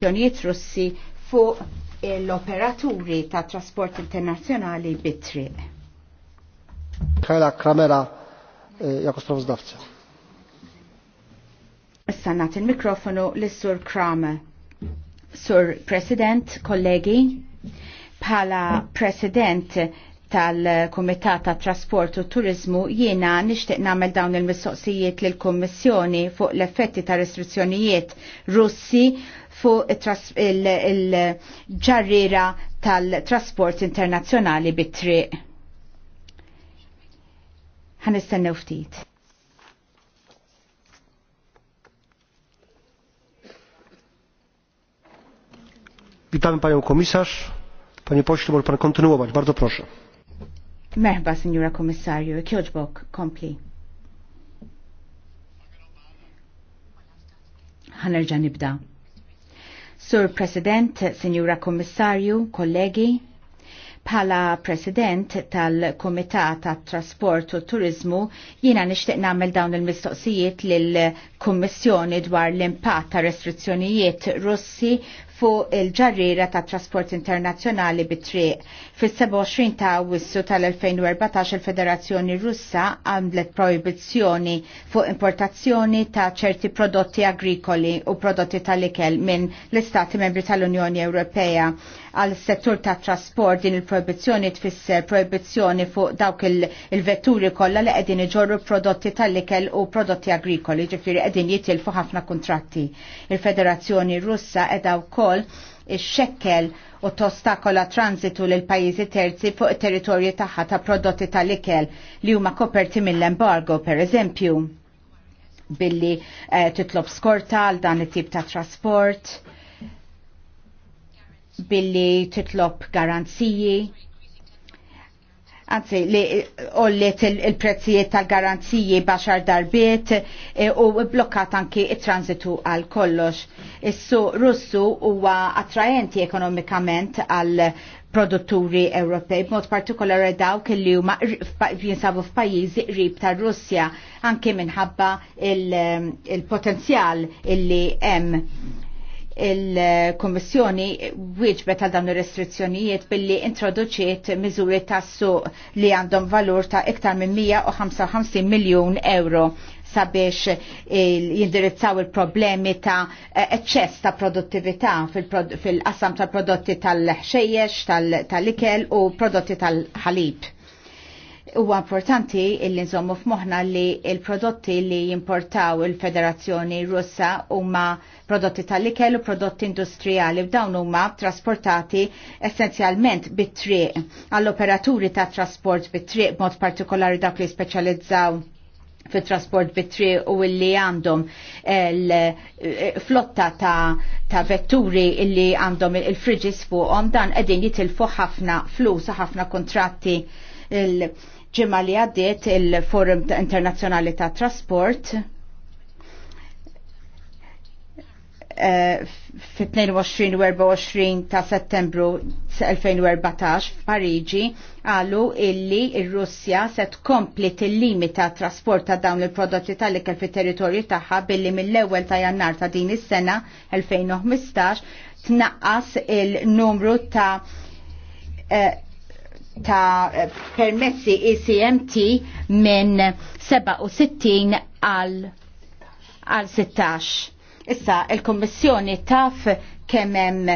sanzjonijiet russi fuq l-operaturi ta' trasport internazjonali bit Kajla Kramera, eh, jako sprawozdawca. Sannat il-mikrofonu l sur Kramer. Sur President, kollegi, pala President tal-Komitat ta' Trasport u Turizmu jiena nixtieq nagħmel dawn il-mistoqsijiet lill kummissjoni fuq l-effetti ta' restrizzjonijiet Russi fuq il ġarrira tal-trasport internazzjonali bit-triq. Ħanistennew ftit. Witamy Panią Komisarz. Panie Pośle, może Pan kontynuować. Bardzo proszę. Merħba, Signora Komisarju. Kjoġbok, kompli. ħanerġa nibda. Sur President, Signora Kommissarju, kollegi, Pala President tal-Komitat tat Trasport u Turizmu jiena nixtieq nagħmel dawn il-mistoqsijiet lill kummissjoni dwar l-impatt ta' restrizzjonijiet Russi fuq il-ġarriera ta' trasport internazzjonali bit-triq. Fis-27 ta' wissu tal-2014 il-Federazzjoni Russa għamlet proibizzjoni fuq importazzjoni ta' ċerti prodotti agrikoli u prodotti tal-ikel minn l-Istati membri tal-Unjoni Ewropea għal settur ta' trasport din il-proibizzjoni tfisser proibizzjoni fuq dawk il-vetturi kollha li qegħdin iġorru prodotti tal-ikel u prodotti agrikoli, ġifieri qegħdin jitilfu ħafna kontratti. Il-Federazzjoni Russa qiegħda wkoll ix-xekkel u tostakola transitu lil pajjiżi terzi fuq it-territorju tagħha ta' prodotti tal-ikel li huma koperti mill-embargo, per billi eh, titlob skorta għal dan it-tip ta' trasport billi titlob garanziji. Anzi, li ollet il-prezzijiet tal-garanziji baxar darbiet e, u blokkat anki il-transitu għal kollox. Issu russu huwa attrajenti ekonomikament għal produtturi Ewropej, b'mod partikolari dawk li huma jinsabu f'pajjiżi qrib tar Russja anke minħabba il-potenzjal illi hemm il-Kommissjoni wieġbet għal dawn ir-restrizzjonijiet billi introduċiet miżuri tassu suq li għandhom valur ta' iktar minn 155 miljun euro sabiex jindirizzaw il-problemi ta' eċċess ta' produttività fil-qassam ta' prodotti tal-ħxejjex, tal-ikel u prodotti tal-ħalib. Huwa importanti l-li nżommu f'moħħna li l prodotti li jimportaw il-Federazzjoni Russa huma prodotti tal-ikel u prodotti industrijali u dawn huma trasportati essenzjalment bit-triq għall-operaturi ta' trasport bit-triq mod partikolari dak li speċjalizzaw fit-trasport bitri u illi għandhom eh, flotta ta', ta vetturi illi għandhom il-friġis fuqhom dan qegħdin jitilfu ħafna flus ħafna kontratti il-ġimma li għaddiet il-Forum Internazzjonali ta' Trasport Eh, fit-22 u 24 ta' settembru 2014 f'Pariġi għalu illi il russja se tkompli ta' trasport ta' dawn il-prodotti tal-ikel fit-territorju tagħha billi mill-ewwel ta' Jannar ta' din is-sena 2015 tnaqqas il-numru ta' eh, ta' eh, permessi ECMT minn 67 għal 16 Issa, il-Kommissjoni taf kemm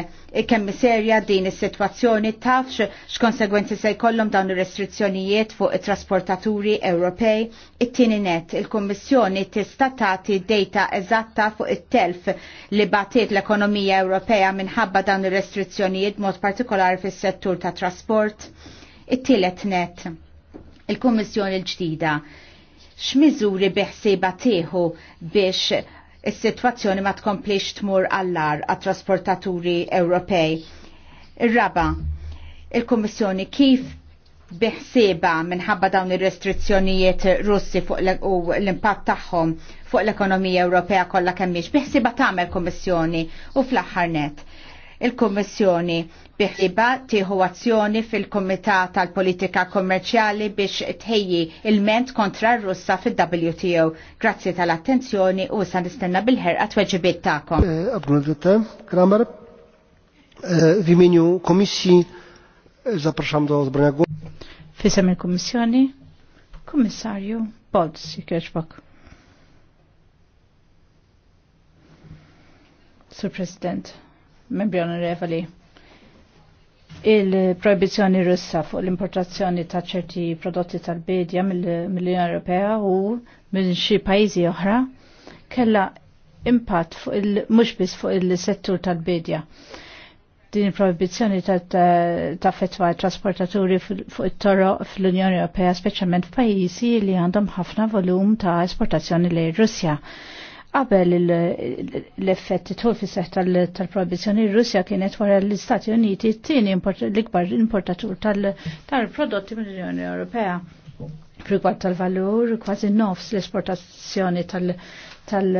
kemm serja din is-sitwazzjoni taf x'konsegwenzi se jkollhom dawn ir-restrizzjonijiet fuq it-trasportaturi Ewropej. It-tieni net, il-Kummissjoni tista' tagħti data eżatta fuq it-telf li batiet l-ekonomija Ewropea minħabba dawn ir-restrizzjonijiet mod partikolari fis-settur ta' trasport. It-tielet net, il-Kummissjoni l-ġdida x'miżuri beħsieba tieħu biex is-sitwazzjoni ma tkomplix tmur għallar għat-trasportaturi Ewropej. Ir-raba, il kommissjoni kif biħsieba minħabba dawn ir-restrizzjonijiet Russi fuq l-impatt tagħhom fuq l-ekonomija Ewropea kollha kemm biħsieba tagħmel Kommissjoni u fl-aħħar net il kommissjoni biħiba tieħu azzjoni fil-Kumitat tal-Politika Kommerċjali biex tħejji il-ment kontra r-Russa fil-WTO. Grazzi tal-attenzjoni u sa nistenna bil-ħerqa tweġibiet tagħkom. Eh, Kramer, w eh, imieniu Komisji eh, zapraszam do zbrania głosu. Fisem il-Komissjoni, Komissarju Bodz, jekieġbok. Sir President membri onorevoli. Il-proibizjoni russa fuq l-importazzjoni ta' ċerti prodotti tal-bedja mill-Unjoni Ewropea u minn xi pajjiżi oħra kellha impatt fuq il mhux biss fuq il-settur tal-bedja. Din il-proibizjoni ta' fetwa trasportaturi fuq it-toro fl-Unjoni Ewropea speċjalment f'pajjiżi li għandhom ħafna volum ta' esportazzjoni lejn Russja. Qabel l-effett tul fis tal-prohibizjoni Russja kienet wara l-Istati Uniti t-tieni l-ikbar importatur tal-prodotti mill-Unjoni Ewropea. Rigward tal-valur, kważi nofs l-esportazzjoni tal- tal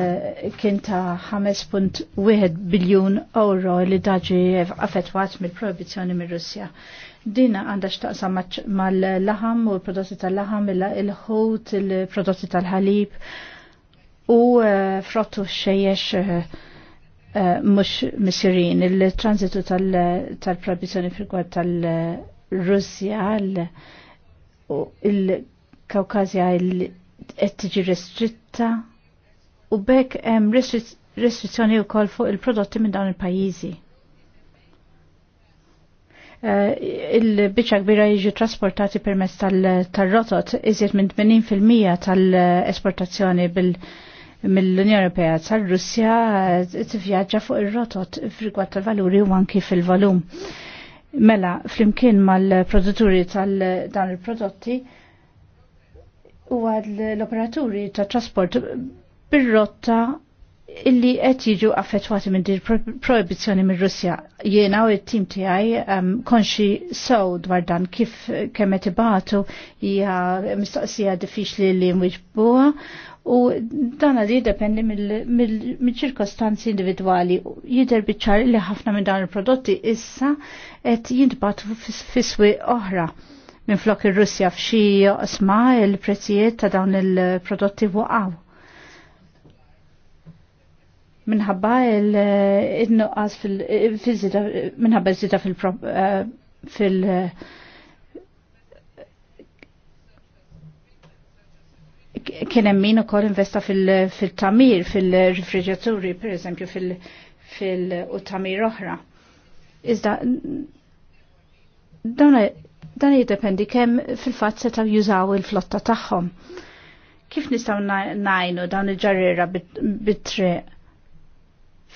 kien ta' 5.1 biljun euro li daġi affettwat mill-prohibizjoni mir russja Dina għandha x'taqsam mal-laħam u l-prodotti tal-laħam, il-ħut, il-prodotti tal-ħalib u eh, frottu xejjex eh, eh, mux misirin il-transitu tal-proibizjoni fil tal-Russja il-Kaukazja qed tiġi restritta u bekk hemm restrizzjoni wkoll fuq il-prodotti minn dawn il-pajjiżi. Il-biċċa kbira jiġu trasportati permezz tal-rotot iżjed minn 80% tal-esportazzjoni bil- mill-Unjoni Ewropea sal-Russja eh, tivvjaġġa fuq ir-rotot f'rigward tal-valuri u anki fil-volum. Mela, flimkien mal-produtturi tal-dan il-prodotti u l-operaturi ta' trasport bir-rotta illi qed jiġu affettwati minn dir proibizzjoni mir Russja. Jiena u t-tim tiegħi ehm, konxi sew dwar dan kif kemm qed ibatu hija mistoqsija diffiċli li nwiġbuha u dan għadi dependi mill-ċirkostanzi individuali. Jider biċċar li ħafna minn dan il-prodotti issa qed jintbatu fiswi oħra. Minn flok ir-Russja f'xi osma il-prezzijiet ta' dawn il-prodotti waqgħu. Minħabba il-nuqqas fil-żida minħabba żida fil-, fil, fil, eh, fil, fil, fil, fil, fil, fil kien hemm min ukoll investa fil-tamir, fil-refriġaturi, pereżempju fil-tamir oħra. Iżda dan jiddependi kemm fil-fatt setgħu jużaw il-flotta tagħhom. Kif nistgħu ngħinu dawn il-ġarriera bit-triq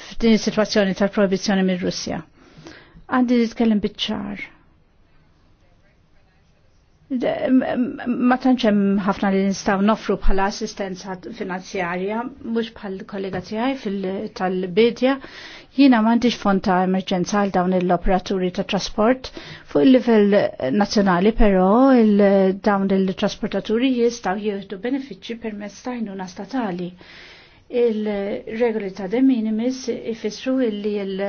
f'din is-sitwazzjoni tal-prohibizzjoni mir-Russja? Għandi nitkellem biċ-ċar Ma tantx hemm ħafna li nistgħu nofru bħala assistenza finanzjarja, mhux bħal kollega tiegħi fil-tal-bidja, jiena m'għandix fond ta' emerġenza għal dawn l-operaturi ta' trasport fuq il-livell nazzjonali, però dawn il-trasportaturi jistgħu jieħdu benefiċċji permezz ta' għajnuna statali. Il-regoli ta' de minimis ifissru li il-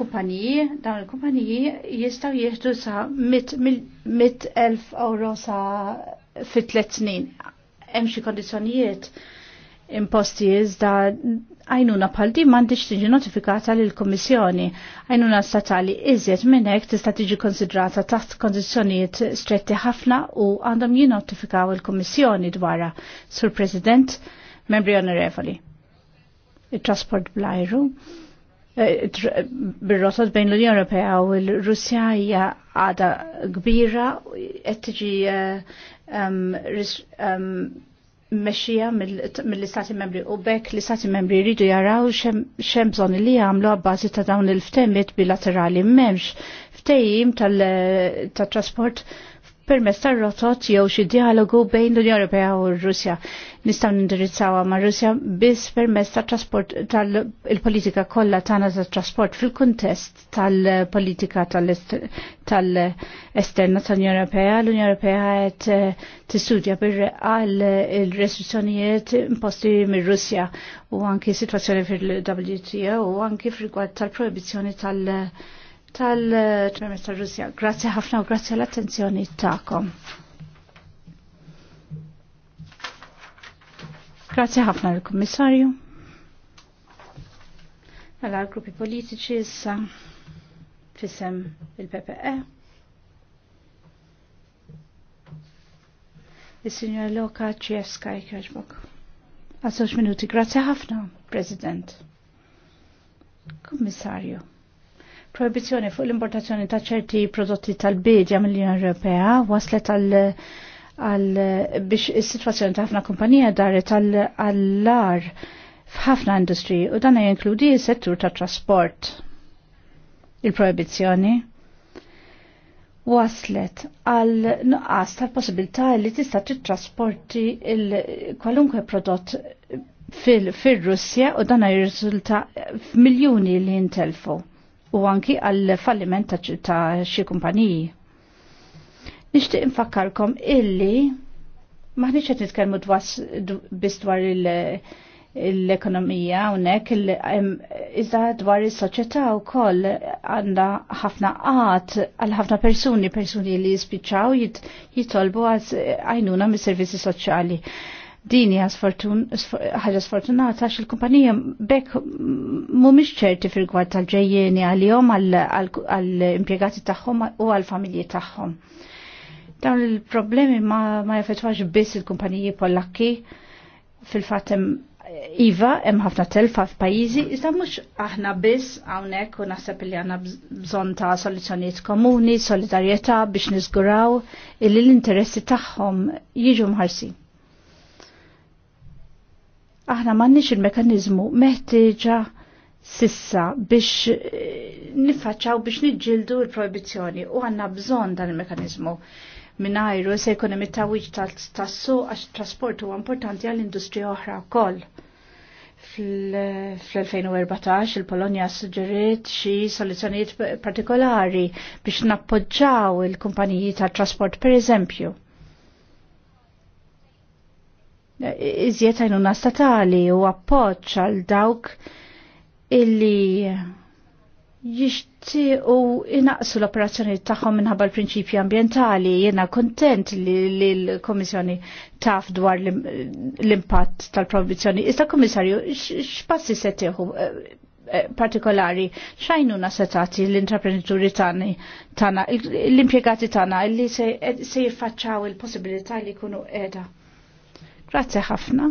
kumpaniji, dawn il-kumpaniji jistaw jieħdu sa mit elf euro sa fit tlet snin. Hemm xi kondizzjonijiet imposti iżda għajnuna pal din m'għandix tiġi notifikata lill kummissjoni Għajnuna statali iżjed minn hekk tista' tiġi konsidrata taħt kondizzjonijiet stretti ħafna u għandhom jinnotifikaw il-Kummissjoni dwarha. Sur President, membri onorevoli. Il-trasport blajru. Eh, bir-rotot bejn l-Unjoni Ewropea u l-Russja hija għada kbira qed tiġi eh, mexxija mill-Istati Membri u bekk l-Istati Membri jridu jaraw xemm bżonn li jagħmlu għabbażi ta' dawn il-ftemiet bilaterali m'hemmx ftehim tal-trasport permess tar-rotot jew xi dialogu bejn l-Unjoni Ewropea u r-Russja. Nistgħu nindirizzawha ma' Russja biss permess tat-trasport tal-politika kollha tagħna tat-trasport fil-kuntest tal-politika tal-esterna tal-Unjoni Ewropea. L-Unjoni Ewropea qed eh, tistudja bir-reqqa l-restrizzjonijiet imposti mir-Russja u anki situazzjoni fil-WTO u anki fil-gwad tal-proibizzjoni tal-, -tal tal-ċermet tal grazie ħafna u grazie l-attenzjoni ta'kom. Grazzi ħafna l-Kommissarju. Għalla mela, gruppi politiċi issa fissem il-PPE. Il-Signor Loka Ċieska jkħarġbok. Għazzoċ minuti, grazzi ħafna, President. Kommissarju proibizjoni fuq l-importazzjoni ta' ċerti prodotti tal-bidja mill-Unjoni Ewropea waslet għal biex is-sitwazzjoni ta' ħafna kumpanija daret għall-lar f'ħafna industri u dan jinkludi s-settur ta' trasport. Il-proibizjoni waslet għal nuqqas tal-possibilità li tista' titrasporti kwalunkwe prodott fil-Russja u dan jirriżulta f'miljuni li jintelfu u anki għal falliment ta' xi kumpaniji. Nixtieq infakkarkom illi maħniċ qed nitkellmu biss dwar l-ekonomija hawnhekk iżda dwar is-soċjetà wkoll għandha ħafna qat għal ħafna persuni, persuni li jispiċċaw jitolbu għajnuna mis-servizzi soċjali. Dini ħaġa sfortunata għax il-kumpanija bekk mumiex ċerti fil-gwad tal-ġejjeni għal-jom għal-impiegati tagħhom u għal-familji tagħhom. Dawn il-problemi ma, ma jaffetwax biss il-kumpaniji pollakki fil-fatem Iva, hemm ħafna telfa f'pajjiżi, iżda mhux aħna biss hawnhekk u naħseb li għandna bżonn ta' soluzzjonijiet komuni, solidarjetà biex niżguraw illi l-interessi tagħhom jiġu mħarsin aħna m'għandniex il-mekanizmu meħtieġa sissa biex eh, niffaċċaw biex niġġildu l-proibizzjoni u għandna bżonn dan il-mekanizmu minajru se jkun hemm it-tawwiġ tas su għax trasport huwa importanti għall-industrija oħra wkoll fl-2014 il-Polonja suġġeriet xi soluzzjonijiet partikolari biex nappoġġaw il-kumpaniji tat trasport per eżempju iżjed għajnuna statali u appoġġ għal dawk illi jixtiequ inaqsu l-operazzjoni tagħhom minħabba l-prinċipji ambjentali. Jiena kontent li l-Komissjoni taf dwar l-impatt tal-proibizzjoni. Issa Komissarju, x'passi se tieħu eh, eh, partikolari xajnu nasetati l-intraprenituri tagħna, l-impjegati tagħna li se jiffaċċaw il-possibilità li jkunu qiegħda Grazie ħafna.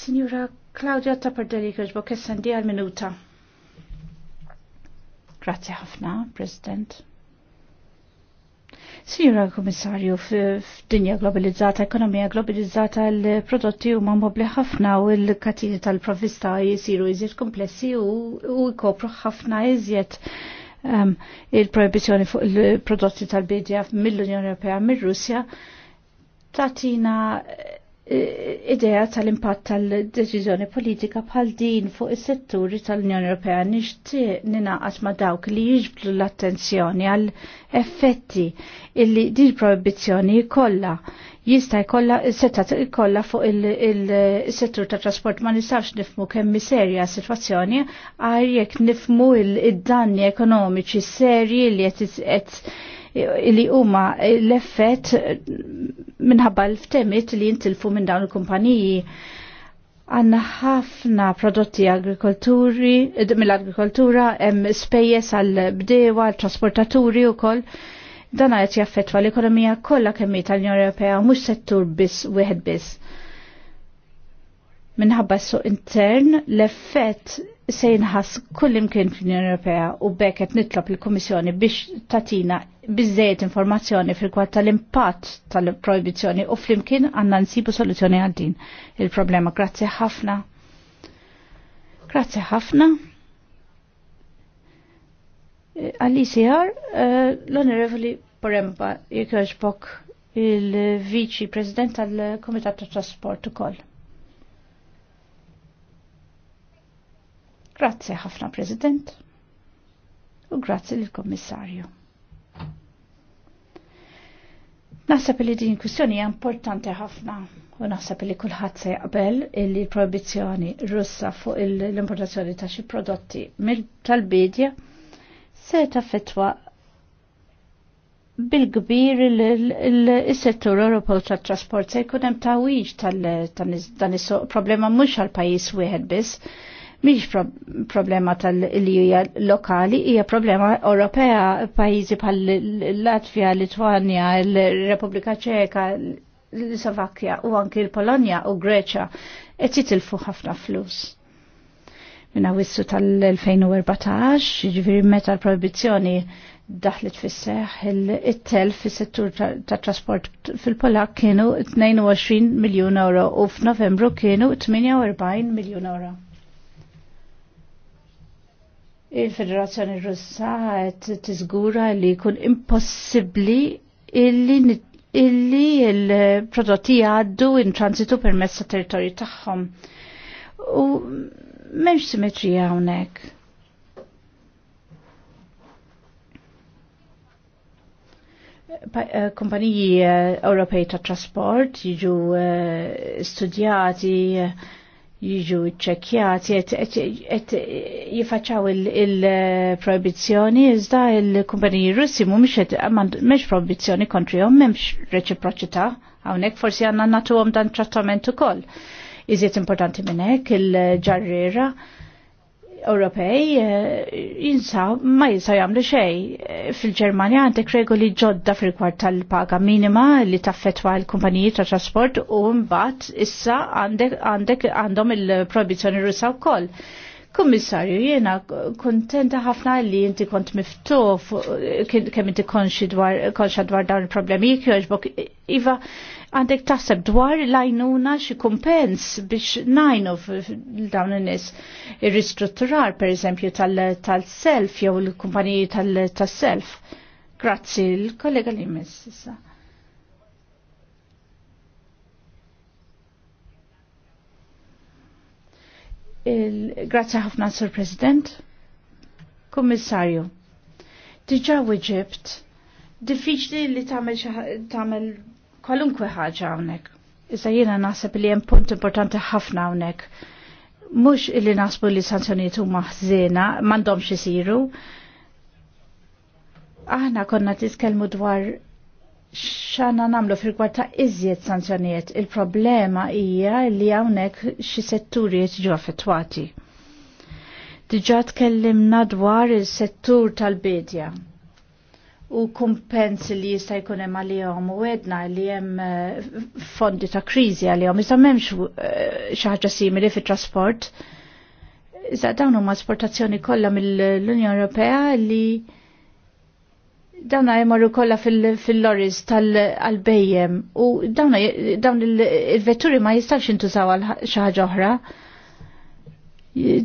Signora Claudia Tapardelli Għoġbo, kessendi għal-minuta. Grazie ħafna, President. Signora komissarju f'dinja globalizzata, ekonomija globalizzata, l-prodotti huma mobli ħafna u l-katini tal-provista jisiru iżjed komplessi u jkopru ħafna iżjed um, il-proibizjoni fuq il-prodotti tal-bidja mill-Unjoni Ewropea, mill-Russja, tatina idea tal-impatt tal-deċiżjoni politika bħal din fuq is-setturi tal-Unjoni Ewropea nixtieq ninaqas ma' dawk li jiġbdu l-attenzjoni għall effetti illi l proibizzjoni kollha. jista' jkollha setta jkollha fuq il-settur tat trasport ma nistax nifmu kemm serja sitwazzjoni għal jekk nifmu id-danni ekonomiċi serji li qed li huma l-effett minħabba l-ftemit li jintilfu minn dawn il-kumpaniji għanna ħafna prodotti agrikolturi, mill-agrikoltura, hemm spejjeż għal-bdewa, għal-trasportaturi u koll. Dan għet jaffetwa l-ekonomija kollha kemm tal-Unjoni Ewropea mhux settur biss wieħed biss minħabba suq intern l-effett se jinħas kullimkien fl-Unjoni Ewropea u bekket nitlob il-Kummissjoni biex tatina bizzejt informazzjoni fil-kwad tal-impatt tal-proibizzjoni u flimkien għandna nsibu soluzzjoni għal din il-problema. Grazzi ħafna. Grazzi ħafna. Għal-ICR, eh, l-Onorevoli Poremba, jekħġbok il vici President tal-Komitat tal-Trasport u koll. Grazzi ħafna President u grazzi lill-Kommissarju. Naħseb li din kwistjoni hija importanti ħafna u naħseb li kulħadd se jaqbel l proibizzjoni Russa fuq l-importazzjoni ta' xi prodotti tal-bidja se taffettwa bil-kbir il-settur Ewropew tat-trasport se jkun hemm tawwiġ tal-dan is-problema mhux għal pajjiż wieħed biss mhix pro problema tal-lija lokali, hija problema Ewropea, pajjiżi bħal Latvija, Litwanja, l-Repubblika Ċeka, l-Slovakkja u anki l-Polonja u Greċja qed jitilfu ħafna flus. Minna wissu tal-2014, ġifiri meta l-prohibizjoni daħlet fis-seħ il-tel fis-settur tat trasport fil-Polak kienu 22 miljun euro u f'Novembru kienu 48 miljun euro il-Federazzjoni Russa qed tiżgura li jkun impossibbli illi illi il-prodotti għaddu in transitu permezz messa territorju tagħhom. U m'hemmx simetrija hawnhekk. Eh, kumpaniji eh, Ewropej ta' trasport jiġu eh, studjati jiġu ċekjati, et jifacċaw il-proibizjoni, eh, iżda il-kumpaniji russi mu miex proibizjoni kontri jom, memx reċiproċita, għawnek forsi għanna natu għom dan trattament u koll. Iżiet importanti minnek il-ġarriera, Ewropej eh, jinsaw ma jinsaw jagħmlu xejn. Eh, Fil-Ġermanja għandek regoli ġodda fil-kwart tal-paga minima li taffetwa l-kumpaniji ta' trasport u mbagħad issa għandek għandhom il-proibizzjoni russa wkoll. Kummissarju, jiena kontenta ħafna li inti kont miftuf kemm inti konxi dwar dwar dawn il-problemi kjoġbok. jogħġbok iva għandek tasab dwar lajnuna xi kumpens biex najnu dawn in-nies ir-ristrutturar pereżempju tal-self jew l-kumpaniji tal-self. Grazzi l-kollega li jmiss issa. Grazzi ħafna Sur President. Kommissarju, diġa u Eġipt, diffiċli li tagħmel kwalunkwe ħaġa hawnhekk. Iżda jiena naħseb li hemm punt importanti ħafna hawnhekk. Mhux li nasbu li sanzjonijiet huma ħżiena m'għandhomx isiru. Aħna konna tiskelmu dwar xana namlu fil-kwart ta' iżjed sanzjonijiet. Il-problema hija li hawnhekk xi setturi jiġu affettwati. Diġà tkellimna dwar is-settur tal bedja u kumpens li jista' jkun hemm għalihom u għedna li hemm eh, fondi ta' kriżi għalihom iżda m'hemmx eh, xi ħaġa simili fit-trasport. Iżda dawn huma esportazzjoni kollha mill-Unjoni Ewropea li dawna jemorru kolla fil-loris tal-bejjem u dawna dawn il-vetturi ma jistax jintużaw għal xaħġa oħra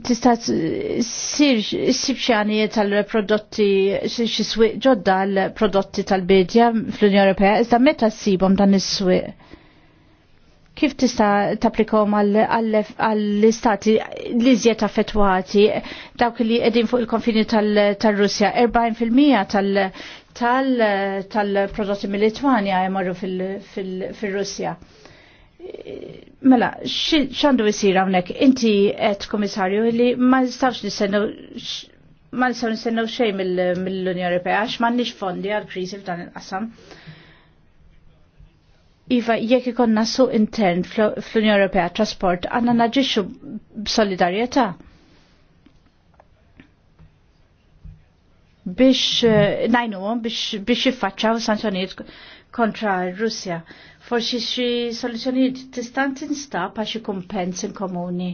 tista' sir sibxjanijiet tal-prodotti xi swieq ġodda l-prodotti tal-bidja fl-Unjoni Ewropea, iżda meta ssibhom dan is-swieq? Kif tista' taplikom għall-istati li żjed affettwati dawk li qegħdin fuq il-konfini tal-Russja, 40% tal- tal-prodotti mill-Litwanja jmorru fil-Russja. fil, fil Mela, xandu jisir għawnek, inti għet komissarju li ma nistawx nistennu ma nistawx nistennu xej mill-Unjoni Ewropea għax ma nix fondi għal-krizi f'dan il-qasam. Iva, jekk ikon su intern fl-Unjoni Ewropea trasport, għanna naġiċu b'solidarjetà. biex eh, najnuhom biex jiffaċċaw sanzjonijiet kontra r-Russja. Forsi xi soluzzjonijiet tista' tinstab għax xi kumpens komuni,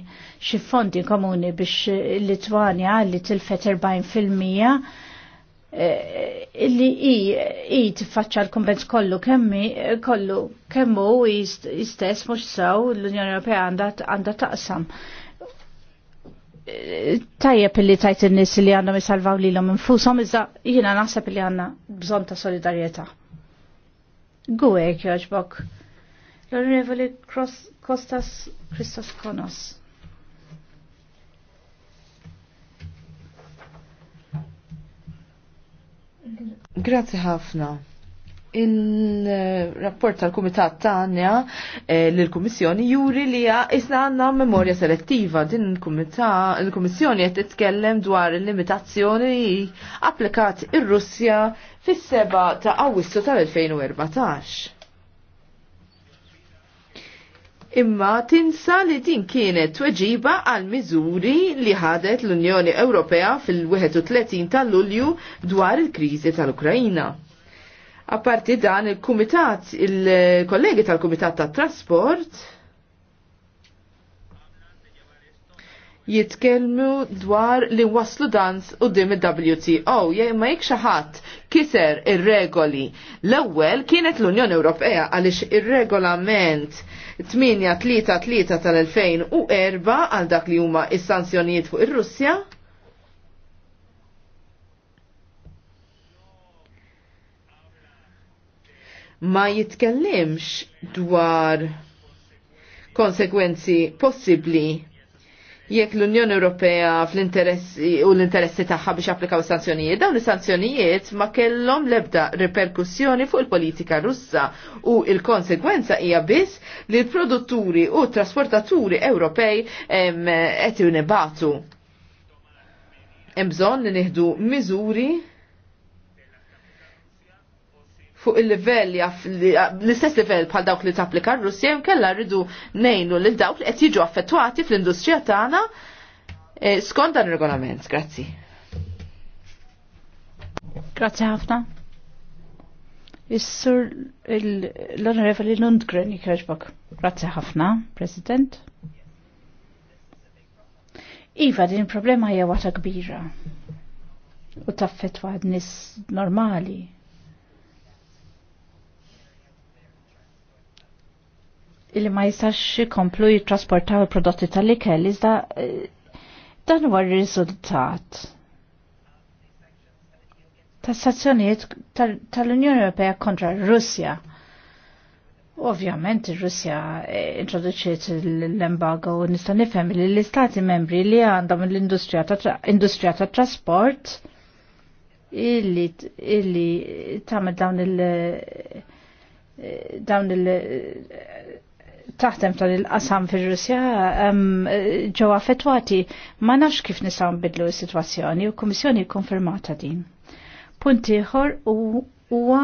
xi fondi komuni biex Litwanja li tilfet 40 fil-mija eh, illi i i tiffaċċa l kumpens kollu kemmi kollu kemmu istess mhux sew l-Unjoni Ewropea għandha taqsam. Eh, tajjeb illi tajt in-nies li għandhom isalvaw lilhom infushom iżda jiena naħseb li għandna bżonn ta' solidarjetà. Gwek joġbok. L-Onorevoli Kostas Christos Konos. Grazie ħafna. Il-rapport eh, tal-Kumitat tanja eh, lill kummissjoni juri li isna għanna memoria selettiva. Din il-Kummissjoni qed titkellem dwar il-limitazzjoni applikat ir-Russja fis-seba ta' Awwissu tal-2014. Imma tinsa li din kienet tweġiba għal miżuri li ħadet l-Unjoni Ewropea fil-31 ta' Lulju dwar il-kriżi tal-Ukrajina. Apparti dan il-Kumitat, il-kollegi tal-Kumitat tat-Trasport, jitkellmu dwar li waslu dans u dim il-WTO. Jgħi ma jek xaħat kiser ir-regoli. L-ewwel kienet l-Unjoni Ewropea għaliex ir-regolament 833 tal-2004 għal dak li huma is-sanzjonijiet fuq ir-Russja ma jitkellimx dwar konsekwenzi possibli jekk l-Unjoni Ewropea fl-interessi u l-interessi tagħha biex applikaw sanzjonijiet, dawn is-sanzjonijiet ma kellhom l-ebda reperkussjoni fuq il-politika Russa u il-konsegwenza hija biss li l-produtturi u trasportaturi Ewropej qed jinibatu. Hemm bżonn li nieħdu miżuri fuq il-livell l-istess livell bħal dawk li tapplika r-Russja kella rridu nejnu lil dawk li qed jiġu affettwati fl-industrija tagħna eh, skont dan ir-regolament. Grazzi. Grazzi ħafna. Is-sur l-Onorevoli Lundgren jikreġbok. Grazzi ħafna, President. Iva, din problema hija wata kbira. U taffetwa nis normali illi ma jistax komplu jitrasportaw il-prodotti tal-ikel, iżda eh, dan huwa r-riżultat tas-sazzjonijiet tal-Unjoni Ewropea kontra r-Russja. Ovvjament ir-Russja eh, introduċiet l-embargo u nista' nifhem li l-istati membri li għandhom l-industrija tat trasport illi illi tagħmel dawn il- eh, dawn il- Taħtem tal-qasam fil-Russja ġew affettwati ma nafx kif nistgħu nbidlu s-sitwazzjoni u kummissjoni konfermata din. Punt ieħor huwa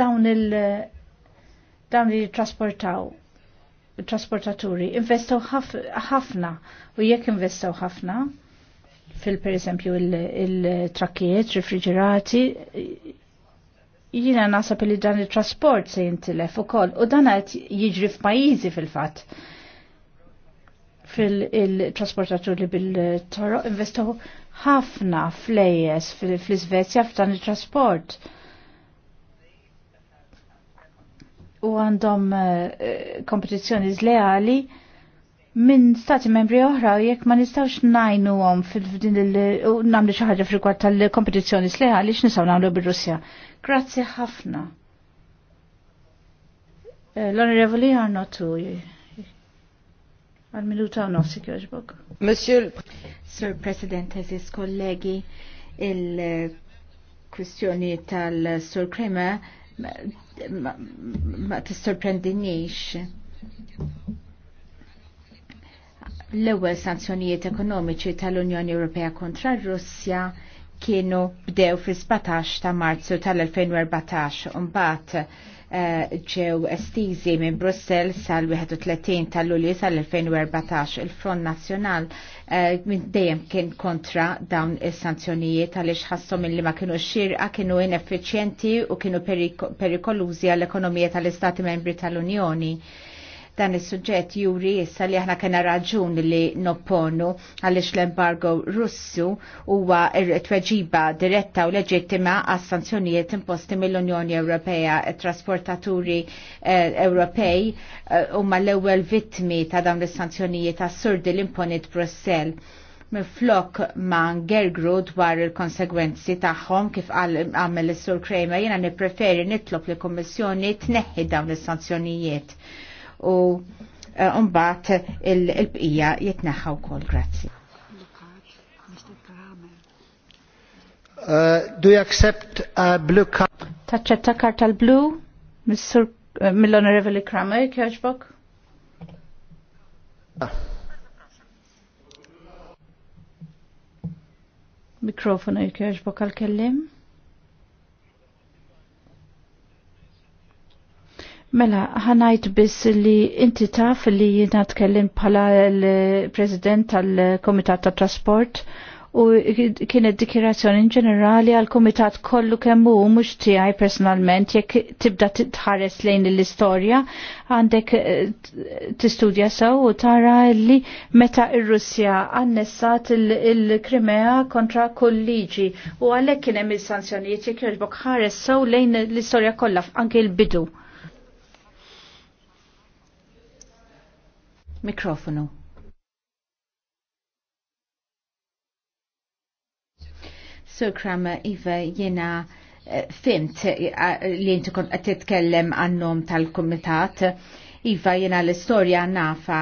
dawn il dawn li trasportaw trasportaturi investaw ħafna u jekk investaw ħafna fil per eżempju il-trakkijiet, il refrigerati, Jina nasab li dan il-trasport se jintilef u koll u dan għet jiġri f'pajizi fil-fat fil-trasportatur li bil-toro investu ħafna flejes fil-Svezja f'dan il-trasport. U għandhom eh, kompetizzjoni zleali minn stati membri oħra jekk ma nistawx najnu għom fil-din il-namlu xaħġa frikwat tal-kompetizjoni sleħa li xnisaw namlu bil-Russja. Grazzi ħafna. Eh, L-Onorevoli tu għal-minuta u nofsi kjoġbog. Monsieur, Sir President, eżis kollegi, il-kwistjoni tal-Sur Kremer ma t-sorprendinix l-ewwel sanzjonijiet ekonomiċi tal-Unjoni Ewropea kontra r-Russja kienu bdew fis 17 ta' Marzu tal-2014 mbagħad uh, ġew estiżi minn Brussels sal-31 ta' Lulju sal-2014 il-Front Nazzjonal uh, eh, minn dejjem kien kontra dawn is-sanzjonijiet għaliex ħassom li ma kienu xirqa kienu ineffiċjenti u kienu perikolużi għall-ekonomija tal-Istati Membri tal-Unjoni. tal istati membri tal unjoni Dan is-suġġett juri issa li aħna kena raġun li nopponu għaliex l-embargo Russu huwa tweġiba diretta u leġittima għas sanzjonijiet imposti mill-Unjoni Ewropea trasportaturi eh, Ewropej eh, huma l-ewwel vittmi ta' dawn is-sanzjonijiet assurdi l-imponit Brussell flok ma ngergru dwar il-konsegwenzi tagħhom kif għamel is-Sur Kramer jiena nippreferi nitlob li kummissjoni tneħħi dawn is-sanzjonijiet u umbat eh, il-bqija jitneħħa kol Grazzi. Uh, do you accept a blue card? Taċċetta karta l-blu, Mr. Eh, Milona onorevoli Kramer, kjoġbok? Mikrofonu jkjoġbok għal-kellim. Mela, ħanajt biss li inti taf li jina tkellim bħala l-President tal-Komitat ta' Trasport u kienet dikirazzjoni ġenerali għal komitat kollu kemmu u mux tijaj personalment jekk tibda tħares lejn l-istoria għandek eh, tistudja sew u tara li meta il russja għannessat il-Krimea kontra kolliġi u għalhekk kien hemm il sanzjoni jekk jogħġbok ħares sew lejn l-istorja kollha anke l-bidu. Mikrofonu. Sir Kramer, Iva, jena eh, fimt eh, li inti kont qed titkellem għannom tal-kumitat. Iva, jena l-istorja nafa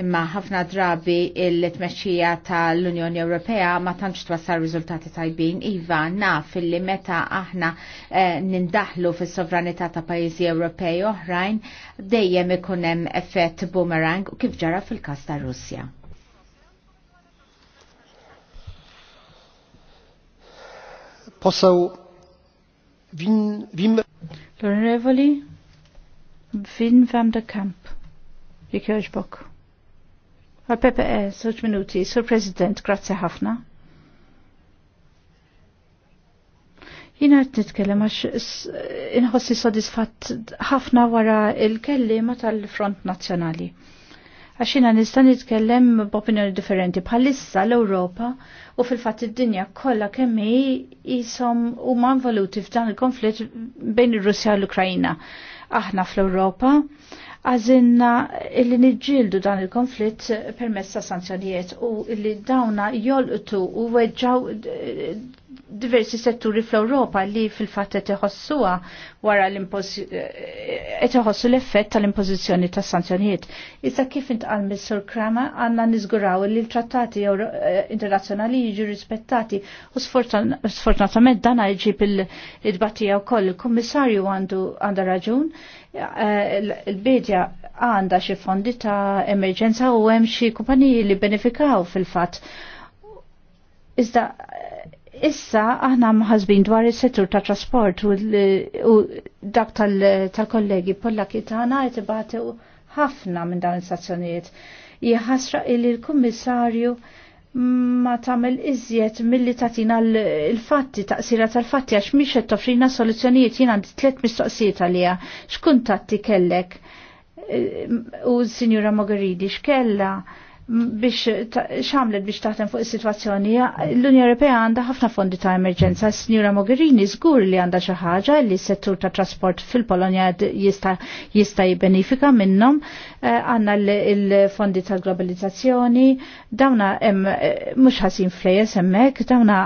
imma ħafna drabi il-tmexxija tal-Unjoni Ewropea ma tantx twassal riżultati tajbin. Iva, naf li meta aħna eh, nindaħlu fis-sovranità ta' pajjiżi Ewropej oħrajn dejjem ikun hemm effett boomerang u kif ġara fil-każ ta' Russja. Poseł Wim Vin L'onorevoli vin van de Kamp. Jekk jogħġbok. Pepe, PPE, soċ minuti, Sur President, grazzi ħafna. Jina għed nitkellem għax inħossi sodisfatt ħafna wara il-kellima tal-Front Nazzjonali. Għax jina nista' nitkellem b'opinjoni differenti bħalissa l-Ewropa u fil-fatt id-dinja kollha kemm jisom huma involuti f'dan il-konflitt bejn ir-Russja u l-Ukrajna. Aħna fl-Ewropa għazinna illi nġildu dan il-konflitt permessa sanzjonijiet u illi dawna jolqtu u weġġaw diversi setturi fl-Europa li fil-fatt qed iħossuha wara l-impozi eh, qed iħossu l-effett tal-impożizzjoni tas sanzjonijiet. Issa kif intqal Mr. Krama għandna niżguraw li l-trattati eh, internazzjonali jiġu rispettati u sfortunatament dan jġib il-dbattija wkoll il-Kummissarju għandu għandha raġun il-bidja eh, għandha xi fondi ta' emerġenza u hemm xi kumpaniji li benefikaw fil-fatt. Iżda Issa aħna mħazbin dwar is-settur ta' trasport u, dak tal-kollegi polla kitana tagħna qed ibagħtew ħafna minn dawn is stazzjoniet Jħasra li l-kummissarju ma tagħmel iżjed milli tagħtina l-fatti taqsira tal-fatti għax mhix qed toffrina soluzzjonijiet jien għandi tliet mistoqsijiet għaliha. X'kuntatti kellek? U Sinjura Mogherini x'kella? biex xamlet biex taħtem fuq is-sitwazzjoni l-Unja Ewropea għandha ħafna fondi ta' emerġenza. Signora Mogherini żgur li għandha xi ħaġa li s-settur ta' trasport fil-Polonja jista' jista' jibbenifika minnhom eh, għandna l-fondi ta' globalizzazzjoni dawna hemm eh, mhux ħasin flejes hemmhekk dawna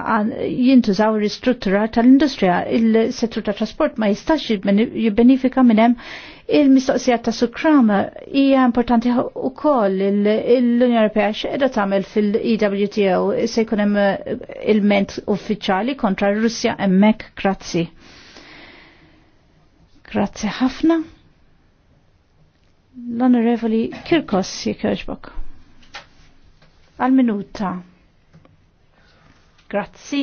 jintużaw ristruttura tal-industrija il-settur ta' trasport ma jistax jibbenifika minn hemm Il-mistoqsija ta' sukrama hija importanti u koll l-Unjoni Ewropea x'edha tagħmel fil-EWTO se jkun hemm eh, il-ment uffiċjali kontra r-Russja hemmhekk grazzi. Grazzi ħafna. L-Onorevoli Kirkos jekħoġbok. Għal-minuta. Grazzi.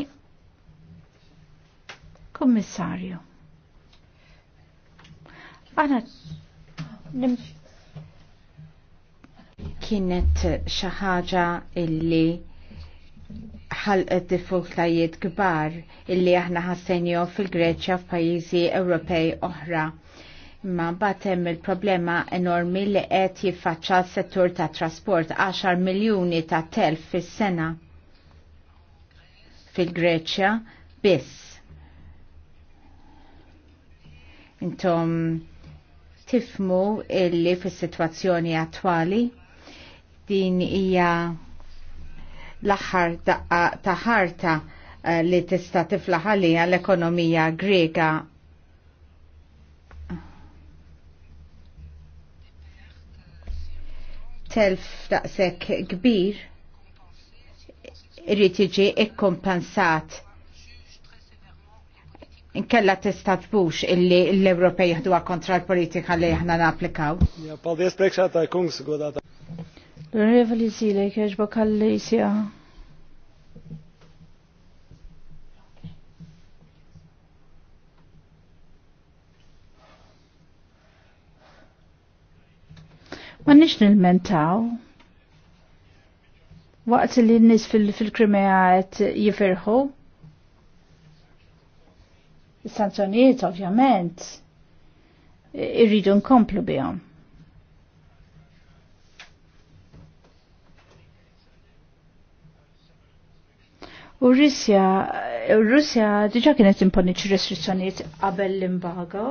Kommissarju. Aħna kienet xi ħaġa illi ħalqet diffultajiet kbar illi aħna ħassenju fil-Greċja f'pajjiżi Ewropej oħra. Imma mbagħad hemm il-problema enormi li qed jiffaċċa s-settur tat trasport 10 miljuni ta' telf fis-sena fil-Greċja biss. Intom tifmu illi fis-sitwazzjoni attwali din hija l-aħħar ta' ħarta eh, li tista' tiflaħ l-ekonomija Grega telf daqshekk kbir irid jiġi ikkompensat inkella tista' tbux illi l-Ewropej jaħduha kontra l-politika li aħna naplikaw. Paldies pekxa ta' kungs godata. L-Reveli Zile, jaġba kalli jisija. Ah. Ma nix nil-mentaw. Waqt li n-nis fil-Krimea fil jifirħu is ovvjament irridu nkomplu bihom. U Russja, Russja diġa kienet imponiċ restrizzjonijiet qabel l-imbago.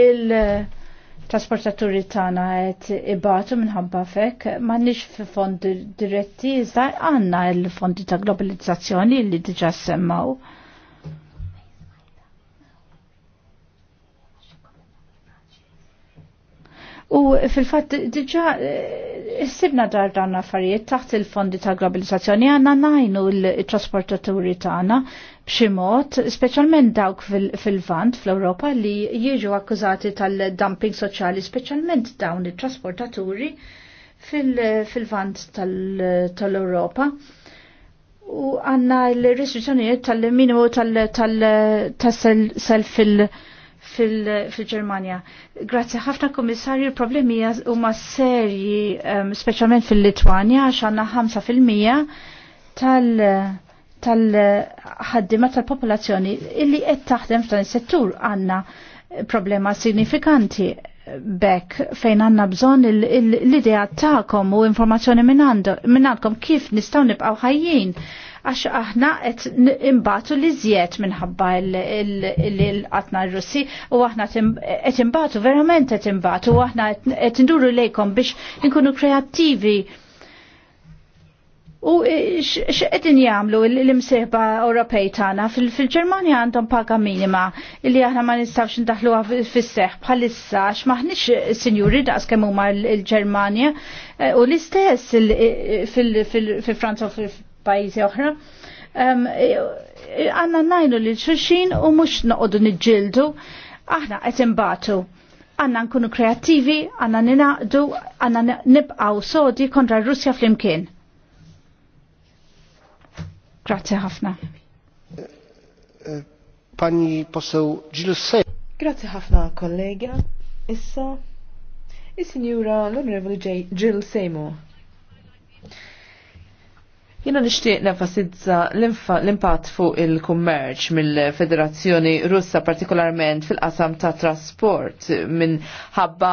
Il-trasportaturi tagħna qed ibatu minħabba fek, m'għandniex fi fondi diretti, iżda għandna l-fondi ta' globalizzazzjoni li diġa semmaw. U fil-fat diġa sibna dar dan affarijiet taħt il-fondi ta' globalizzazzjoni għanna najnu l-trasportaturi tagħna b'xi mod, speċjalment dawk fil-vant fl-Ewropa li jiġu akkużati tal-dumping soċjali, speċjalment dawn it-trasportaturi fil-vant tal-Ewropa. U għanna l-restrizzjonijiet tal-minimu tal-self fil- -tal -tal fil-Germania. Grazzi ħafna komissarju, il-problemi huma serji, ehm, speċjalment fil-Litwanja, għax għandna 5% tal- tal-ħaddima tal-popolazzjoni illi qed taħdem f'dan is-settur għandna problema sinifikanti bekk fejn għanna bżon l-idea ta'kom u informazzjoni minn għandkom kif nistaw nibqaw ħajjin għax aħna qed imbatu li żjed minħabba l-qatna r-Russi u aħna qed imbatu verament qed imbatu u aħna qed induru lejkom biex inkunu kreattivi. U x'qegħdin jagħmlu l-imsieħba Ewropej tagħna fil-Ġermanja għandhom paga minima li aħna ma nistgħux ndaħluha fis-seħħ bħalissa għax maħniex sinjuri daqs kemm huma l-Ġermanja e, u l-istess fil-Franza u fil pajzi oħra. Għanna najnu li xulxin u mux noqdu nġildu, aħna qed imbatu. Għanna nkunu kreativi, għanna ninaqdu, għanna nibqaw sodi kontra Russja fl-imkien. Grazie ħafna. Pani poseł Gilsey. Grazie ħafna kollega. Issa, is-sinjura l-onorevoli Jill Seymour. Jina nishtiq nefasidza l-impatt fuq il-kummerċ mill-Federazzjoni Russa partikolarment fil-qasam ta' trasport minħabba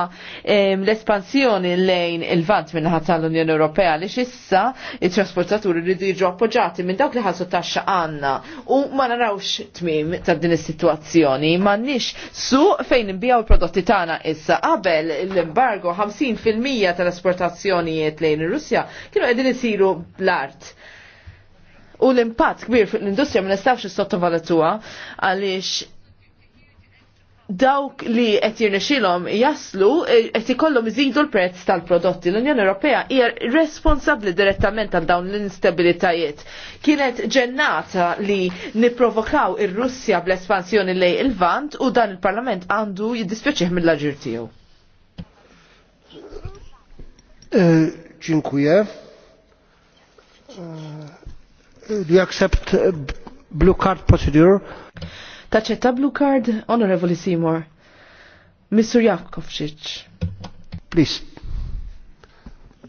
l-espansjoni lejn il-vant ħata tal-Unjoni Ewropea li xissa il-trasportaturi rridu jiġu appoġġati minn dawk li ħassu taxxa għanna u ma narawx tmim ta' din is-sitwazzjoni ma nix su fejn nbijaw il-prodotti tagħna issa qabel l-embargo 50% tal-esportazzjonijiet lejn ir-Russja kienu qegħdin isiru l art u l-impatt kbir fuq l-industrija ma nistawx sottovalutwa għaliex dawk li qed jirnexilhom jaslu qed ikollhom iżidu l-prezz tal-prodotti. L-Unjoni Ewropea hija responsabbli direttament għal dawn l-instabilitajiet. Kienet ġennata li nipprovokaw ir-Russja bl-espansjoni lej il-Vant u dan il-Parlament għandu jiddispjaċih mill-aġir tiegħu. Eh, dziękuję. Uh, do you accept uh, blue card procedure? Taċċetta blue card, Honorable Seymour. Mr. Jakovčić. Please.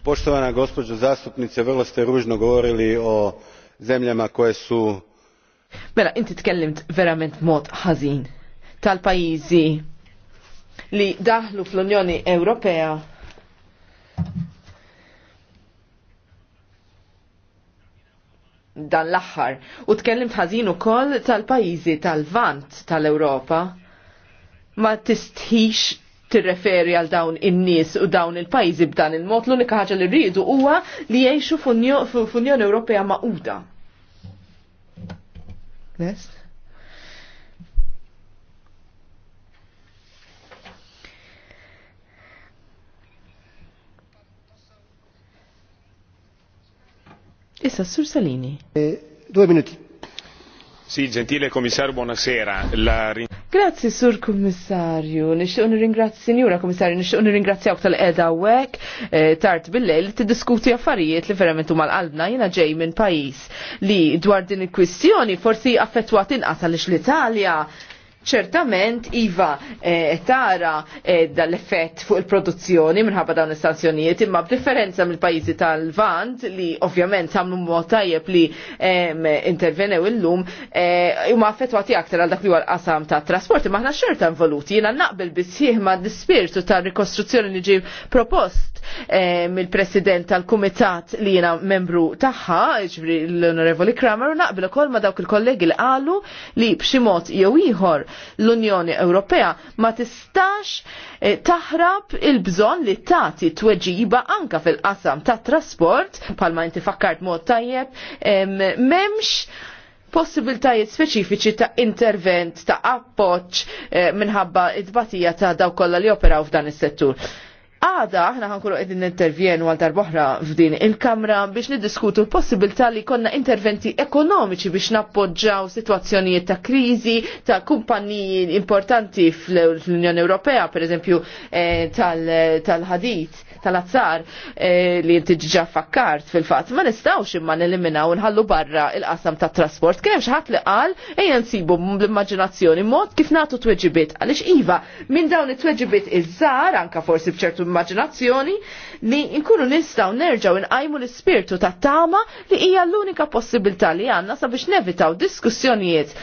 Poštovana gospođo zastupnice, vrlo ste ružno govorili o zemljama koje su... Mela, inti tkellimt verament mod hazin tal-pajizi li daħlu fl-Unjoni Ewropea dan l-axħar. U tkellim tħazin ukoll tal-pajizi tal-vant tal-Ewropa. Ma tistħix tirreferi għal dawn in-nies u dawn il-pajjiżi b'dan il-mod l-unika ħaġa li rridu huwa li jgħixu f'Unjoni Ewropea maquda. Nest? Issa Sur Salini. E, due minuti. Sì, gentile commissario, buonasera. La... Grazzi, Sur Kommissarju. Nixtieq nirringrazzi, Sinjura Kommissarju, nixtieq nirringrazzjawk tal-qeda hekk e, tard bil-lejl tiddiskuti affarijiet li verament huma l-qalbna jiena ġej minn pajjiż li dwar din il-kwistjoni forsi affettwat inqas għaliex l-Italja ċertament Iva e, tara e, dal-effett fuq il-produzzjoni minħabba dawn is-sanzjonijiet imma b'differenza mill-pajjiżi tal-Vant li ovvjament għamlu mod tajjeb li e, intervenew illum eh, huma affettwati aktar għal dak li huwa l-qasam tat trasport imma aħna xorta involuti jiena naqbel bisħieħ ma' dispirtu tar-rikostruzzjoni li ġie propost mill-president tal-kumitat li jiena membru tagħha, ġifri l-Onorevoli Kramer, u naqbel ukoll ma' dawk il-kollegi li qalu li b'xi mod jew ieħor l-Unjoni Ewropea ma tistax eh, taħrab il-bżon li tati tweġiba anka fil-qasam ta' trasport, palma inti fakkart mod tajjeb, memx possibiltajiet speċifiċi ta' intervent, ta' appoċ eh, minħabba id-batija ta' daw kollha li operaw f'dan is-settur. Għada, aħna ħankunu qegħdin nintervjenu għal darboħra f'din il-Kamra biex niddiskutu l-possibilità li konna interventi ekonomiċi biex nappoġġaw situazzjonijiet ta' kriżi ta' kumpanniji importanti fl-Unjoni Ewropea, per eżempju eh, Tal tal-azzar e, li inti ġiġa fakkart fil-fatt. Ma nistawx imma neliminaw nħallu barra il-qasam tat trasport. Kien hemm ħadd li qal ejja nsibu l-immaġinazzjoni mod kif nagħtu tweġibiet. Għaliex iva minn dawn it-tweġibiet iż-żgħar anka forsi bċertu immaġinazzjoni li nkunu nistgħu nerġaw nqajmu l-ispirtu ta' tama li hija l-unika possibilità li għandna sabiex nevitaw diskussjonijiet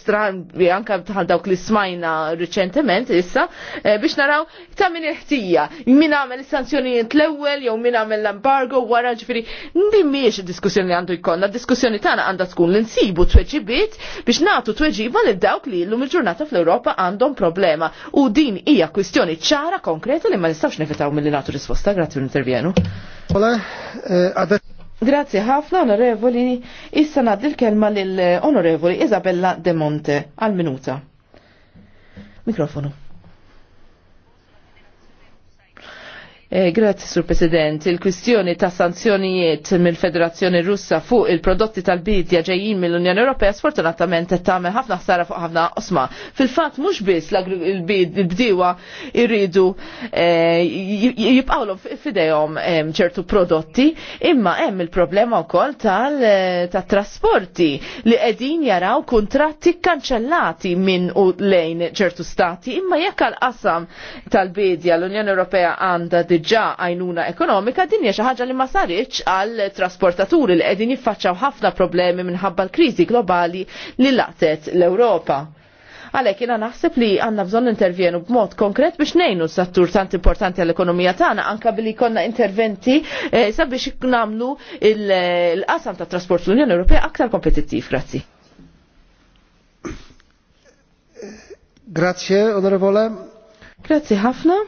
stran anke bħal dawk li smajna riċentement issa e, biex naraw ta' min il-ħtija min għamel sanzjonijiet l-ewwel jew min għamel l-embargo wara ġifiri din mhijiex diskussjoni li għandu jkollna, diskussjoni tagħna għandha tkun li nsibu tweġibit biex nagħtu tweġiba li dawk li l-lum il-ġurnata fl-Ewropa għandhom problema u din hija kwistjoni ċara konkreta li ma nistgħux nevitaw milli nagħtu risposta proposta, grazzi l-intervjenu. Grazie ħafna eh, onorevoli, issa naddi l-kelma lill onorevoli Isabella De Monte għall minuta. Mikrofonu. Eh, Grazie, Sur President. Il-kwistjoni ta' sanzjonijiet mill-Federazzjoni Russa fuq il-prodotti tal-bidja ġejjin mill-Unjoni Ewropea sfortunatament qed tagħmel ħafna ħsara fuq ħafna osma. Fil-fatt mhux biss il-bdiewa jridu eh, jibqgħulhom f'idejhom ċertu prodotti, imma hemm il-problema wkoll eh, tat trasporti li qegħdin jaraw kuntratti kkanċellati minn u lejn ċertu stati, imma jekk għal qasam tal-bidja l-Unjoni Ewropea għandha ġa' għajnuna ekonomika din hija xi ħaġa li ma saritx għal trasportaturi li qegħdin jiffaċċaw ħafna problemi minħabba l-kriżi globali li laqtet l-Ewropa għalek jina naħseb li għanna bżon intervjenu b'mod konkret biex nejnu s-sattur tant importanti għall-ekonomija tagħna anka billi konna interventi eh, sabiex namlu l-qasam ta' trasport l-Unjoni Ewropea aktar kompetittiv. Grazzi. Grazie, onorevole. Grazie ħafna.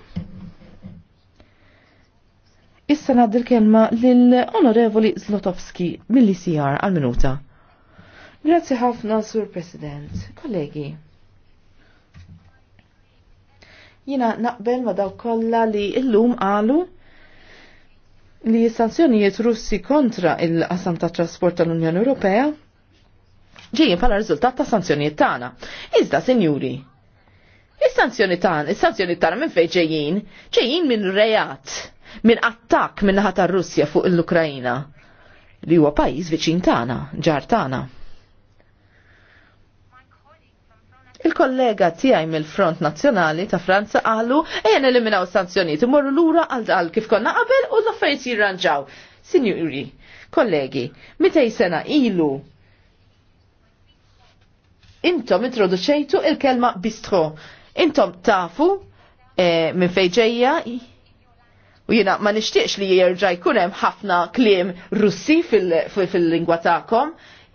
Issa naddil kelma lill-Onorevoli Zlotowski mill-ICR għal-minuta. Grazzi ħafna, Sur President, kollegi. Jina naqbel ma daw kolla li illum għalu li sanzjonijiet russi kontra il-qasam ta' trasport tal-Unjoni Ewropea ġejjin pala riżultat ta' sanzjonijiet tagħna. Iżda, sinjuri, is-sanzjoni tagħna, is-sanzjoni tagħna minn fejn ġejjin, ġejjin minn reat minn attakk minn naħa tar-Russja fuq l-Ukrajina li huwa pajjiż viċin tagħna, ġar tagħna. Il-kollega tiegħi mill-Front Nazzjonali ta' Franza qalu ejja neliminaw sanzjonijiet imorru lura għal dal kif konna qabel u l-affarijiet jirranġaw. Sinjuri, kollegi, meta sena ilu intom introduċejtu il-kelma bistro. Intom tafu e, minn fejġejja U jina ma nishtiqx li jirġa jkunem ħafna kliem russi fil-lingwa ta'kom.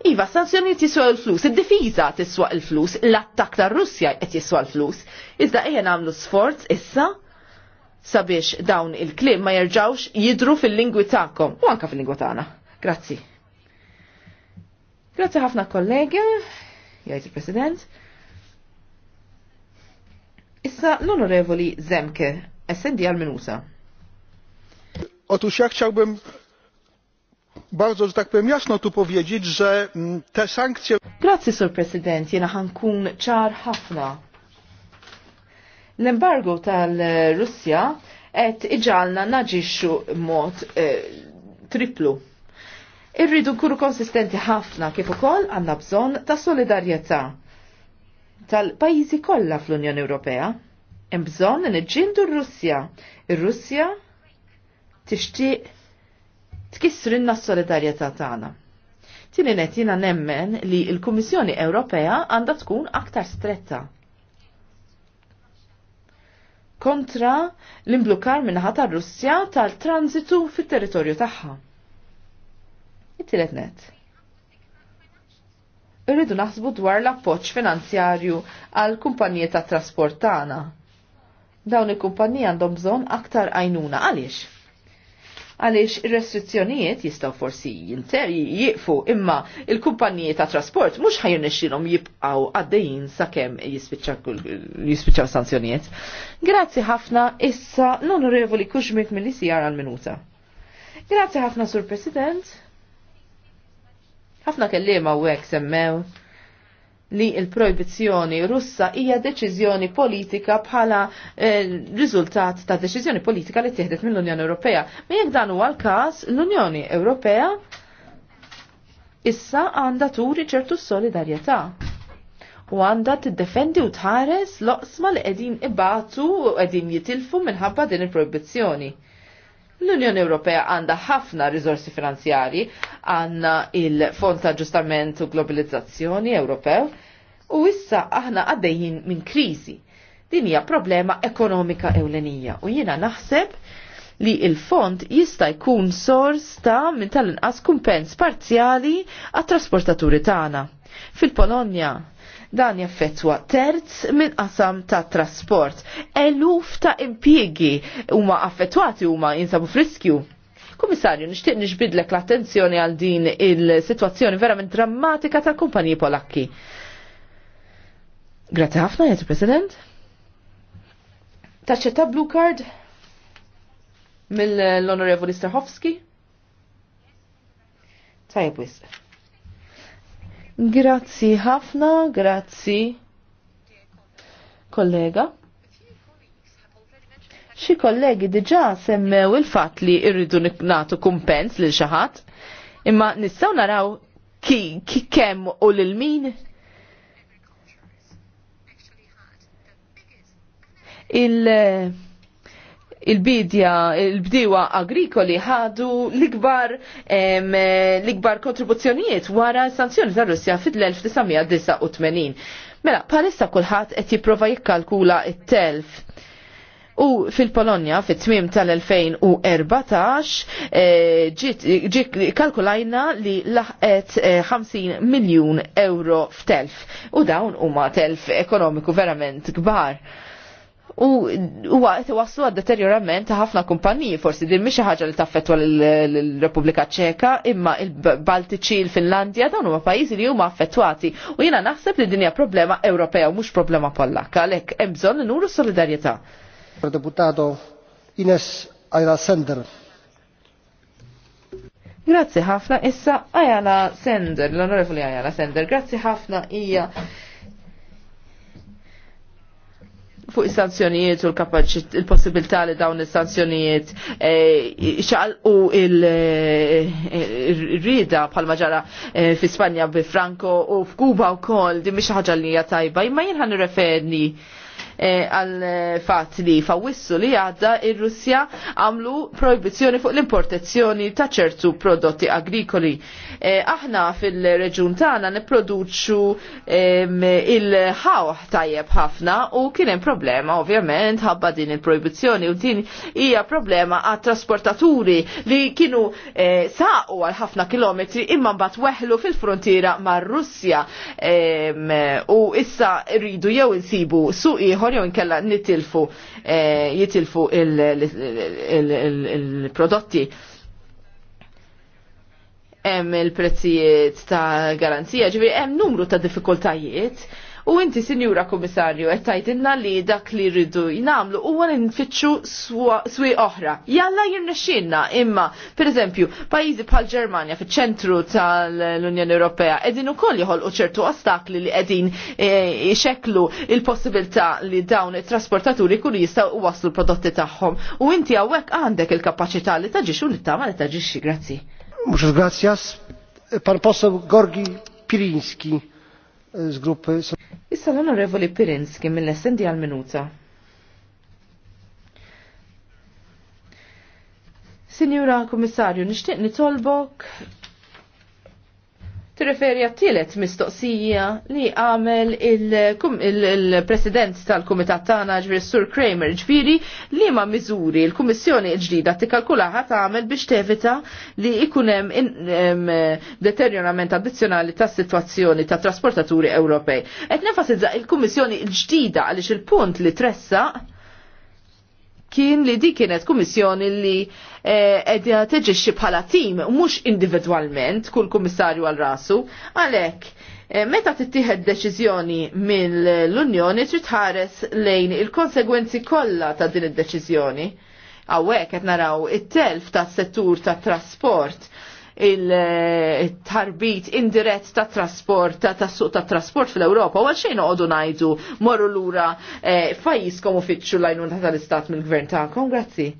Iva, sanzjoni jiswa l-flus, id-difiża tiswa l-flus, l-attak ta' Russja qed jiswa l-flus. Iżda ejja nagħmlu sforz issa sabiex dawn il-kliem ma jirġawx jidru fil-lingwi ta'kom u anka fil-lingwa tagħna. Grazzi. Grazzi ħafna kollegi, jgħid il-President. Issa l-Onorevoli Zemke, SND għal-Minusa otóż ja chciałbym bardzo że tak powiem jasno tu powiedzieć że mm, te sankcje Grazie Sur President jena hankun ċar ħafna l tal-Russja qed iġalna naġixxu mod eh, triplu. Irridu nkunu konsistenti ħafna kif ukoll għandna bżonn ta' solidarjetà tal-pajjiżi kollha fl-Unjoni Ewropea. Hemm bżonn niġġieldu r-Russja. Ir-Russja tixtieq tkissru n solidarjetà tagħna. Tieni qed jiena nemmen li l-Kummissjoni Ewropea għandha tkun aktar stretta kontra l-imblukar minnaħa tar-Russja tal-transitu fit-territorju tagħha. It-tielet net irridu naħsbu dwar l-appoġġ finanzjarju għal kumpaniji ta' trasport tagħna. Dawn il-kumpaniji għandhom bżonn aktar għajnuna għaliex? għaliex ir-restrizzjonijiet jistgħu forsi jinter jieqfu imma il kumpanijiet ta' trasport mhux jibqaw jibqgħu għaddejjin sakemm jispiċċaw sanzjonijiet. Grazzi ħafna issa l-Onorevoli Kuxmik mill-ICR għal-minuta. Grazzi ħafna Sur President. Ħafna u għek semmew li il-proibizjoni russa hija deċiżjoni politika bħala eh, riżultat ta' deċiżjoni politika li tieħdet mill-Unjoni Ewropea. Ma jekk dan huwa l-każ, l-Unjoni Ewropea issa għandha turi ċertu solidarjetà u għandha tiddefendi u tħares loqsma li qegħdin ibatu u qegħdin jitilfu minħabba din il-proibizzjoni. L-Unjoni Ewropea għandha ħafna rizorsi finanzjari, għandna il-Fond ta' Ġustament u Globalizzazzjoni Ewropew, u issa aħna għaddejjin minn kriżi. Din hija problema ekonomika ewlenija u jiena naħseb li il-fond jista' jkun sors ta' minn tal-inqas kumpens parzjali għat-trasportaturi tagħna. Fil-Polonja Dan jaffettwa terz minn qasam ta' trasport. Eluf ta' impjiegi huma affettwati huma jinsabu friskju. Komissarju, nixtieq nixbidlek l-attenzjoni għal din il-sitwazzjoni verament drammatika tal-kumpaniji Polakki. Grazie ħafna, jgħet President. Taċċetta blue card mill-Onorevoli Strahovski. Tajb wisq. Grazzi ħafna, grazzi kollega. Xi kollegi diġà semmew il-fatt li rridu nagħtu kumpens lil xi ħadd, imma nistgħu naraw ki, ki kemm u lil min il- il-bidja, il-bdiwa agrikoli ħadu l-ikbar l-ikbar kontribuzzjonijiet wara sanzjoni ta' Russja fid-1989. Mela, palissa kulħadd qed jipprova jikkalkula it-telf. U fil-Polonja, fit-tmim tal-2014, eh, ġik kalkulajna li laħqet 50 eh, miljon euro f'telf. U dawn huma telf ekonomiku verament kbar u huwa qed iwasslu għad deterjorament ta' ħafna kumpaniji forsi din mhix ħaġa li taffettwa l-Repubblika Ċeka imma l baltiċi il-Finlandja dawn huma pajjiżi li huma affettwati u jiena naħseb li din hija problema Ewropea u mhux problema Pollakka għalhekk hemm bżonn nuru solidarjetà. Deputato Ines Ayla Sender. Grazzi ħafna issa Ayala Sender, l-onorevoli Ayala Sender, grazzi ħafna hija fuq il-sanzjonijiet u l-possibilità li dawn is-sanzjonijiet eh, xalqu eh, il-rida bħal ġara eh, fi Spanja bi Franco u f'Kuba u kol di miex ħaġa li hija tajba imma jien ħan referni Eh, għal eh, fatt li fawissu li għadda ir-Russja għamlu proibizzjoni fuq l-importazzjoni ta' ċertu prodotti agrikoli. Eh, aħna fil-reġun tagħna nipproduċu il-ħawħ tajjeb ħafna u kien hemm problema ovvjament ħabba din il-proibizzjoni u din hija problema għat trasportaturi li kienu saqu għal ħafna kilometri imma mbagħad weħlu fil-frontiera mar-Russja u issa rridu jew insibu suq ieħor jew inkella nitilfu eh, jitilfu il-prodotti. Hemm il-prezzijiet ta' garanzija, ġifieri hemm numru ta' diffikultajiet U inti, Sinjura Komissarju, qed li dak li rridu jnamlu huwa għan nfittxu swi oħra. Jalla jirnexxinna imma, pereżempju, pajjiżi bħal Ġermanja fiċ-ċentru tal-Unjoni Ewropea qegħdin ukoll joħolqu ċertu ostakli li qegħdin e, ixekklu il-possibilità li dawn it-trasportaturi jistaw jistgħu waslu l-prodotti tagħhom. U inti hawnhekk għandek il-kapaċità li u li tagħmel li taġixxi. Grazzi. Muchas grazie. Pan posso Gorgi Pirinski. Issa l-Onorevoli Pirinski mill-essendi għal-minuta. Signora Komissarju, nixtieq nitolbok tirreferi għattilet mistoqsija li għamel il-president il tal-Kumitat tagħna ġviri Sur Kramer ġviri li ma miżuri l-Kummissjoni ġdida tikkalkulaħa għamel biex tevita li ikun hemm addizjonali addizzjonali tas-sitwazzjoni tat trasportaturi Ewropej. Et nefasizza il-Kummissjoni ġdida għaliex il-punt li tressa kien li di kienet kummissjoni li eh, edja teġiċi bħala tim, mux individualment, kull kummissarju għal rasu, għalek, eh, meta tittieħed deċiżjoni mill-Unjoni trid ħares lejn il-konsegwenzi kollha ta' din id-deċiżjoni. Hawnhekk qed naraw it-telf tas settur tat trasport il-tarbit indirett ta' trasport, ta' tassu ta' trasport fil-Europa, u għalxejn għodu najdu morru l-ura eh, fajis komu fitxu lajnun ta' tal-istat mill-gvern ta' grazzi.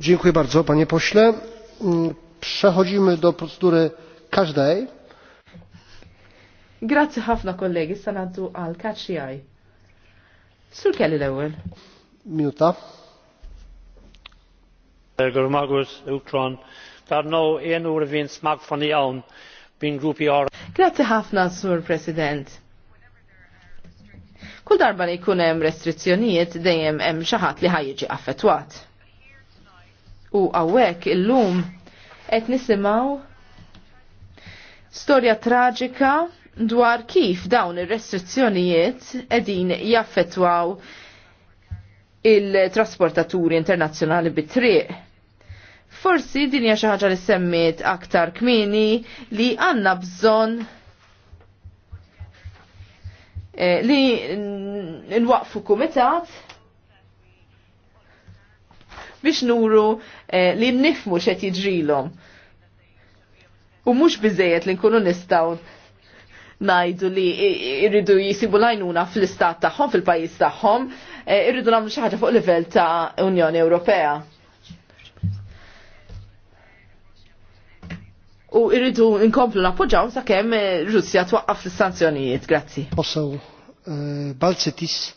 Dziękuję bardzo, panie pośle. Mm, przechodzimy do procedury każdej. Grazie Hafna, kollegi, sanaddu al kaċċi għaj. Sur kelli l-ewel. Minuta. Grazzi ħafna, Sur President. Kull darba li jkun hemm restrizzjonijiet dejjem hemm xi ħadd li ħajjiġi affettwat. U hawnhekk illum qed nisimgħu storja traġika dwar kif dawn ir-restrizzjonijiet qegħdin jaffettwaw il-trasportaturi internazzjonali bit-triq Forsi din hija xi ħaġa li semmiet aktar kmini li għandna bżonn eh, li nwaqfu kumitat biex nuru eh, li nifmu xed jiġrilhom. U mhux biżejjed li nkunu nistgħu najdu li irridu jisibu lajnuna fl-istat tagħhom, fil-pajjiż tagħhom, eh, irridu nagħmlu xi ħaġa fuq livell ta' Unjoni Ewropea. u irridu inkomplu nkomplu sa' kem eh, Russia twaqqaf fis-sanzjonijiet. Grazzi. Posso, eh, Balcetis,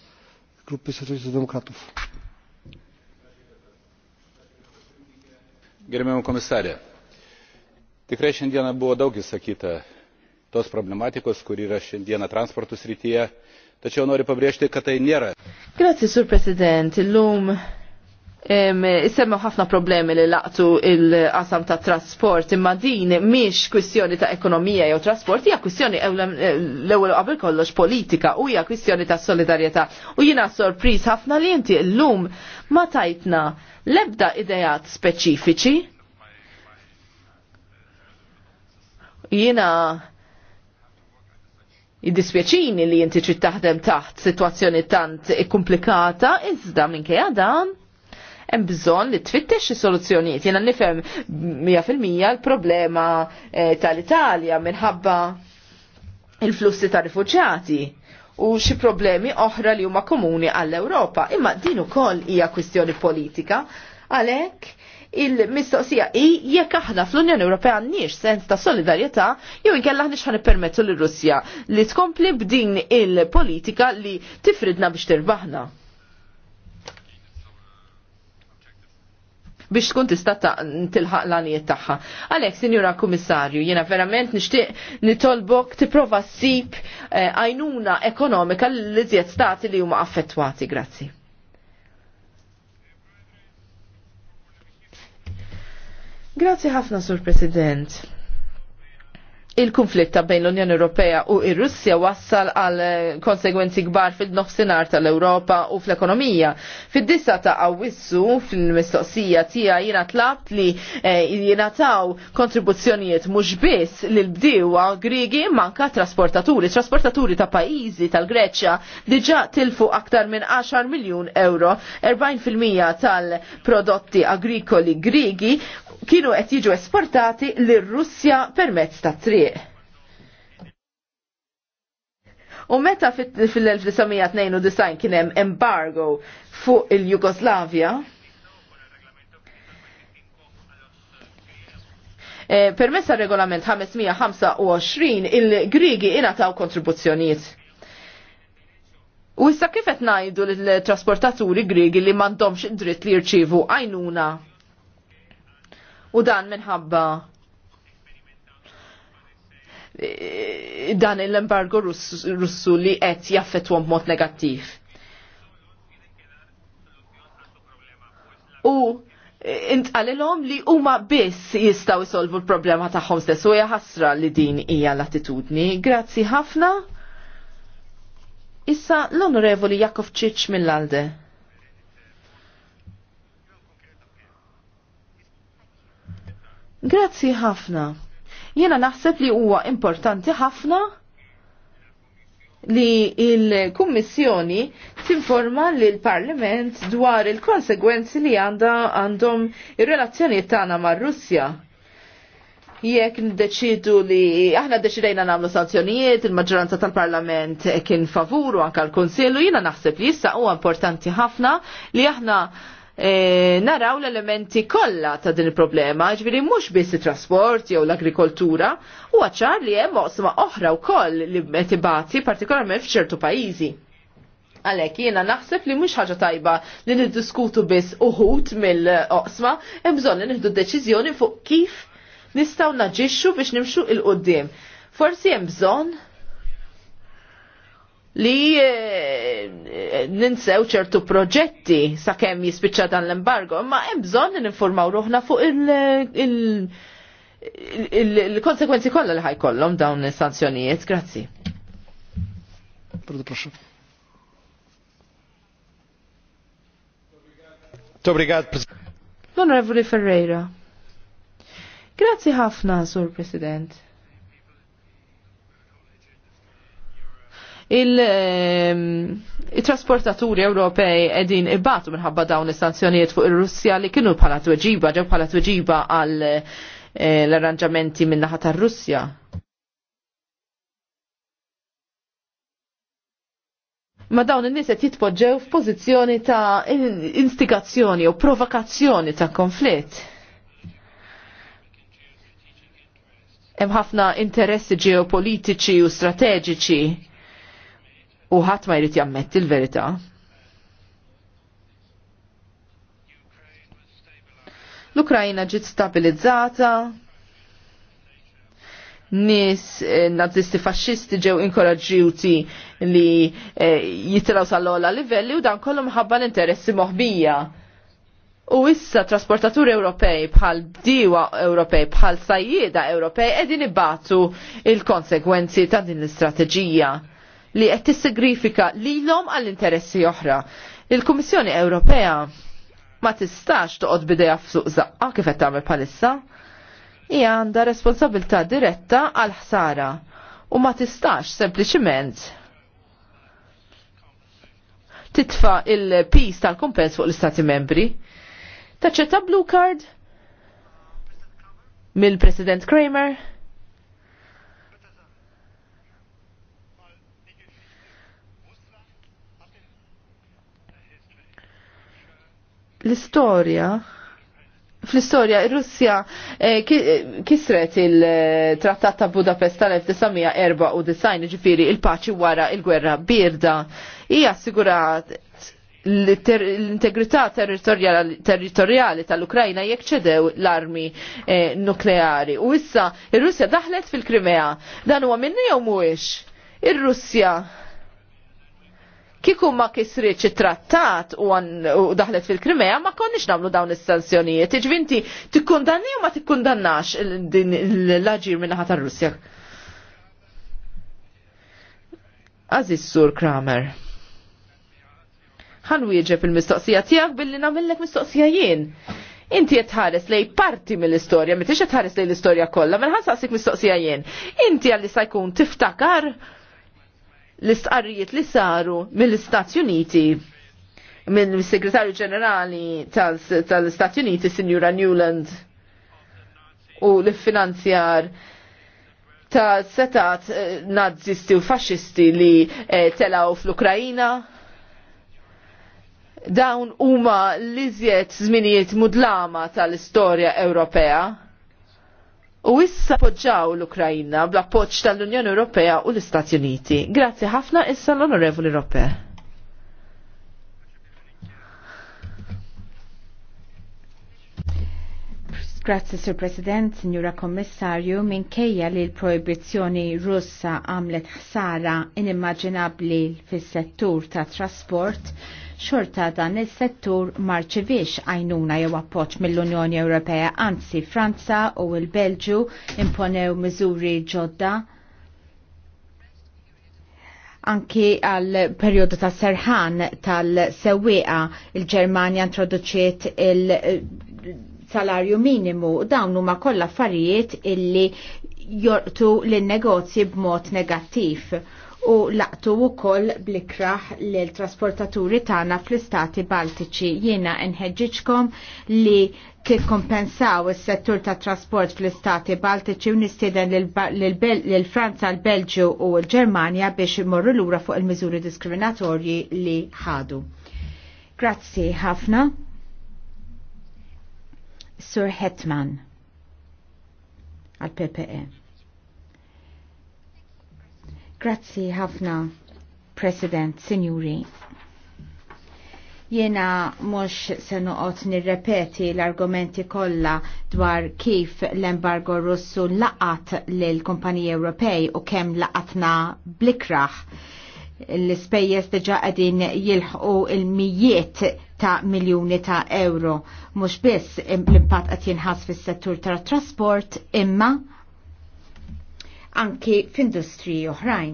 Gruppi Soċjalisti e Demokratów. Gerbiamo komisarę, tikrai šiandieną buvo daug įsakyta tos problematikos, kur yra šiandieną transporto srityje, tačiau noriu pabrėžti, kad tai nėra. Grazie, Sur President. lum Semmew ħafna problemi li laqtu il-qasam ta' trasport, imma din miex kwistjoni ta' ekonomija jew trasport, hija kwistjoni l-ewwel qabel kollox politika u hija kwistjoni ta' solidarjetà. U jiena sorpriż ħafna li inti llum ma tajtna lebda idejat speċifiċi. Jiena jiddispjaċini li inti trid taħdem taħt sitwazzjoni tant komplikata, iżda minkejja dan hemm bżonn li tfittex is-soluzzjonijiet. Jiena nifhem 100% l-problema eh, tal-Italja minħabba il-flussi ta' rifuġjati u xi problemi oħra li huma komuni għall-Ewropa. Imma din ukoll hija kwistjoni politika għalhekk il-mistoqsija i jekk aħna fl-Unjoni Ewropea għandniex sens ta' solidarjetà jew inkella aħna x'ħan ippermettu lir russja li tkompli b'din il-politika li tifridna biex tirbaħna. biex tkun tista' tilħaq l-għanijiet tagħha. Għalhekk, Sinjura Kummissarju, jiena verament nixtieq nitolbok tipprova ssib eh, għajnuna ekonomika l iżjed stati li huma affettwati. Grazzi. Grazzi ħafna, Sur President il-konflitta bejn l-Unjoni Ewropea u ir-Russja wassal għal eh, konsegwenzi kbar fil-nofsinhar tal-Ewropa u fl-ekonomija. Fid-disa ta' Awwissu fil-mistoqsija tiegħi jiena tlabt li eh, jingħataw kontribuzzjonijiet mhux biss lil bdiewa Griegi manka trasportaturi. Trasportaturi ta' pajjiżi tal-Greċja diġà tilfu aktar minn 10 miljun euro, 40% tal-prodotti agrikoli Griegi kienu qed jiġu esportati lir-Russja permezz ta' triq. U meta fil-1992 kien hemm embargo fuq il-Jugoslavja, e, permezz permess regolament 525 il-Grigi ingħataw kontribuzzjonijiet. U issa kif qed ngħidu lill-trasportaturi Grigi li m'għandhomx dritt li jirċievu għajnuna U dan minħabba dan l-embargo russu li qed jaffettwa b'mod negattiv. U intqalilhom li huma biss jistgħu jsolvu l-problema tagħhom stess u hija ħasra li din hija l-attitudni. Grazzi ħafna. Issa l-Onorevoli Jakov Ċiċ mill-Alde. Grazzi ħafna. Jiena naħseb li huwa importanti ħafna li il-Kummissjoni tinforma li l-Parlament dwar il-konsegwenzi li għanda għandhom ir-relazzjoni tagħna mar-Russja jekk ndeċidu li aħna deċidejna nagħmlu sanzjonijiet, il-maġġoranza tal-Parlament kien favuru anke l-Kunsillu, jiena naħseb li issa huwa importanti ħafna li aħna E, naraw l-elementi kollha ta' din il-problema, ġviri mhux biss it-trasport jew l-agrikoltura, u għacċar li hemm oqsma oħra wkoll li metibati partikolarment f'ċertu pajjiżi. Għalek, jiena naħseb li mhux ħaġa tajba li niddiskutu biss uħut mill-oqsma, hemm bżonn li nħdu deċiżjoni fuq kif nistgħu naġixxu biex nimxu il qoddim Forsi hemm bżonn li eh, ninsew ċertu proġetti sakemm jispiċċa dan l-embargo, imma hemm bżonn ninformaw ruħna fuq il-konsekwenzi kollha li ħajkollhom dawn is-sanzjonijiet. Grazzi. L-Onorevoli Ferreira. Grazzi ħafna, Sur President. Ehm, il-trasportaturi Ewropej edin ibbatu minħabba dawn is-sanzjonijiet fuq ir-Russja li kienu bħala tweġiba, ġew bħala tweġiba għal eh, l-arranġamenti naħa tar-Russja. ma dawn in-nies qed jitpoġġew f'pożizzjoni ta' instigazzjoni u provokazzjoni ta' konflitt. Hemm ħafna interessi ġeopolitiċi u strateġiċi u ħadd ma jrid jammetti l-verità. L-Ukrajna ġiet stabilizzata, nis eh, nazisti fasċisti ġew inkoraġġjuti li eh, jitilaw sal-ola livelli u dan kollu mħabba l-interessi moħbija. U issa trasportaturi Ewropej bħal diwa Ewropej bħal sajjieda Ewropej edin ibatu il-konsekwenzi ta' din l-istrateġija li qed tissigrifika lilhom għall-interessi oħra. Il-Kummissjoni Ewropea ma tistax toqgħod bidejha f'suq zaqqa kif qed tagħmel bħalissa. Hija għandha responsabilità diretta għal ħsara u ma tistax sempliċiment titfa il-pis tal-kumpens fuq l-Istati membri. Taċċetta blue card mill-President Kramer l-istorja fl-istorja ir-Russja eh, kisret il-Trattat ta' Budapest tal-1994 ġifiri il-paċi wara il-gwerra birda. Hija assigurat l-integrità territorjali tal-Ukrajna jekk ċedew l-armi eh, nukleari. U issa ir-Russja daħlet fil-Krimea. Dan huwa minn jew mhuwiex? Ir-Russja Kiku ma kisriċ it-trattat u, daħlet fil-Krimea ma konniex namlu dawn is-sanzjonijiet. Iġvinti, tikkundanni u ma tikkundannax l-ġir minnaħat tar-Russja. Aziz Sur Kramer. Ħan wieġeb il-mistoqsija tiegħek billi nagħmellek mistoqsija jien inti tħares lej parti mill-istorja, qed jitħares lej l-istorja kollha, minn mela saqsik mistoqsija jien. Inti għalli sa jkun tiftakar l-istqarrijiet li saru mill-Istati Uniti minn segretarju ġenerali tal-Istati Uniti, Sinjura Newland, u l-finanzjar ta' setat eh, nazisti u fasċisti li eh, telaw fl-Ukrajina. Dawn huma l-iżjed żminijiet mudlama tal-istorja Ewropea u issa poġġaw l-Ukrajna bl-appoġġ tal-Unjoni Ewropea u l-Istati Uniti. Grazzi ħafna issa l-Onorevoli Ewropea. Grazzi, Sir President, Signora Kommissarju, minkejja li l-proibizzjoni russa għamlet ħsara inimmaġinabli fis-settur ta' trasport, xorta dan il-settur marċivix għajnuna jew appoċ mill-Unjoni Ewropea, anzi Franza u il-Belġu imponew miżuri ġodda anki għal periodu ta' serħan tal-sewiqa il-Germania introduċiet il-salarju eh, minimu dawn huma kollha affarijiet illi jortu l-negozji b'mod negattiv u laqtu wkoll blikraħ l trasportaturi tagħna fl-istati Baltiċi. Jiena nħedġiċkom li tikkompensaw is-settur tat trasport fl-istati Baltiċi u nistiden l Franza, l-Belġju u l-Ġermanja biex imorru lura fuq il-miżuri diskriminatorji li ħadu. Grazzi ħafna. Sir Hetman għal PPE. Grazzi ħafna, President, Signori. Jena mux se noqot nirrepeti l-argumenti kollha dwar kif l-embargo russu laqat l-kumpaniji Ewropej u kemm laqatna blikraħ l spejjes diġa qegħdin jilħqu il-mijiet ta' miljuni ta' euro. Mhux biss l-impatt qed jinħass fis-settur tat trasport imma anki f'industri oħrajn.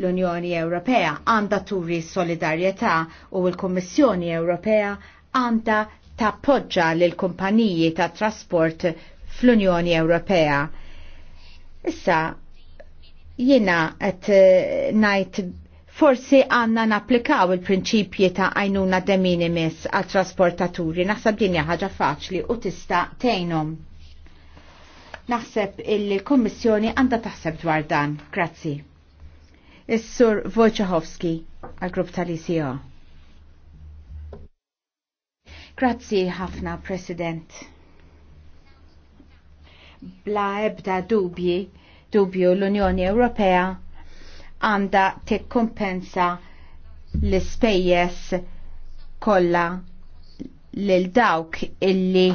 L-Unjoni Ewropea għanda turi solidarjetà u l-Kommissjoni Ewropea għanda tappoġġa lil kumpaniji ta' trasport fl-Unjoni Ewropea. Issa, jina qed eh, najt forsi għanna naplikaw il-prinċipji ta' għajnuna de minimis għal trasportaturi, naħseb dinja ħaġa faċli u tista' tejnom. Naħseb il-Kommissjoni għandha taħseb dwar dan. Grazzi. Is-Sur Wojciechowski għal-Grupp tal-ICO. Grazzi ħafna, President. Bla ebda dubji, dubju l-Unjoni Ewropea għanda tikkompensa l-spejjes kollha lil dawk illi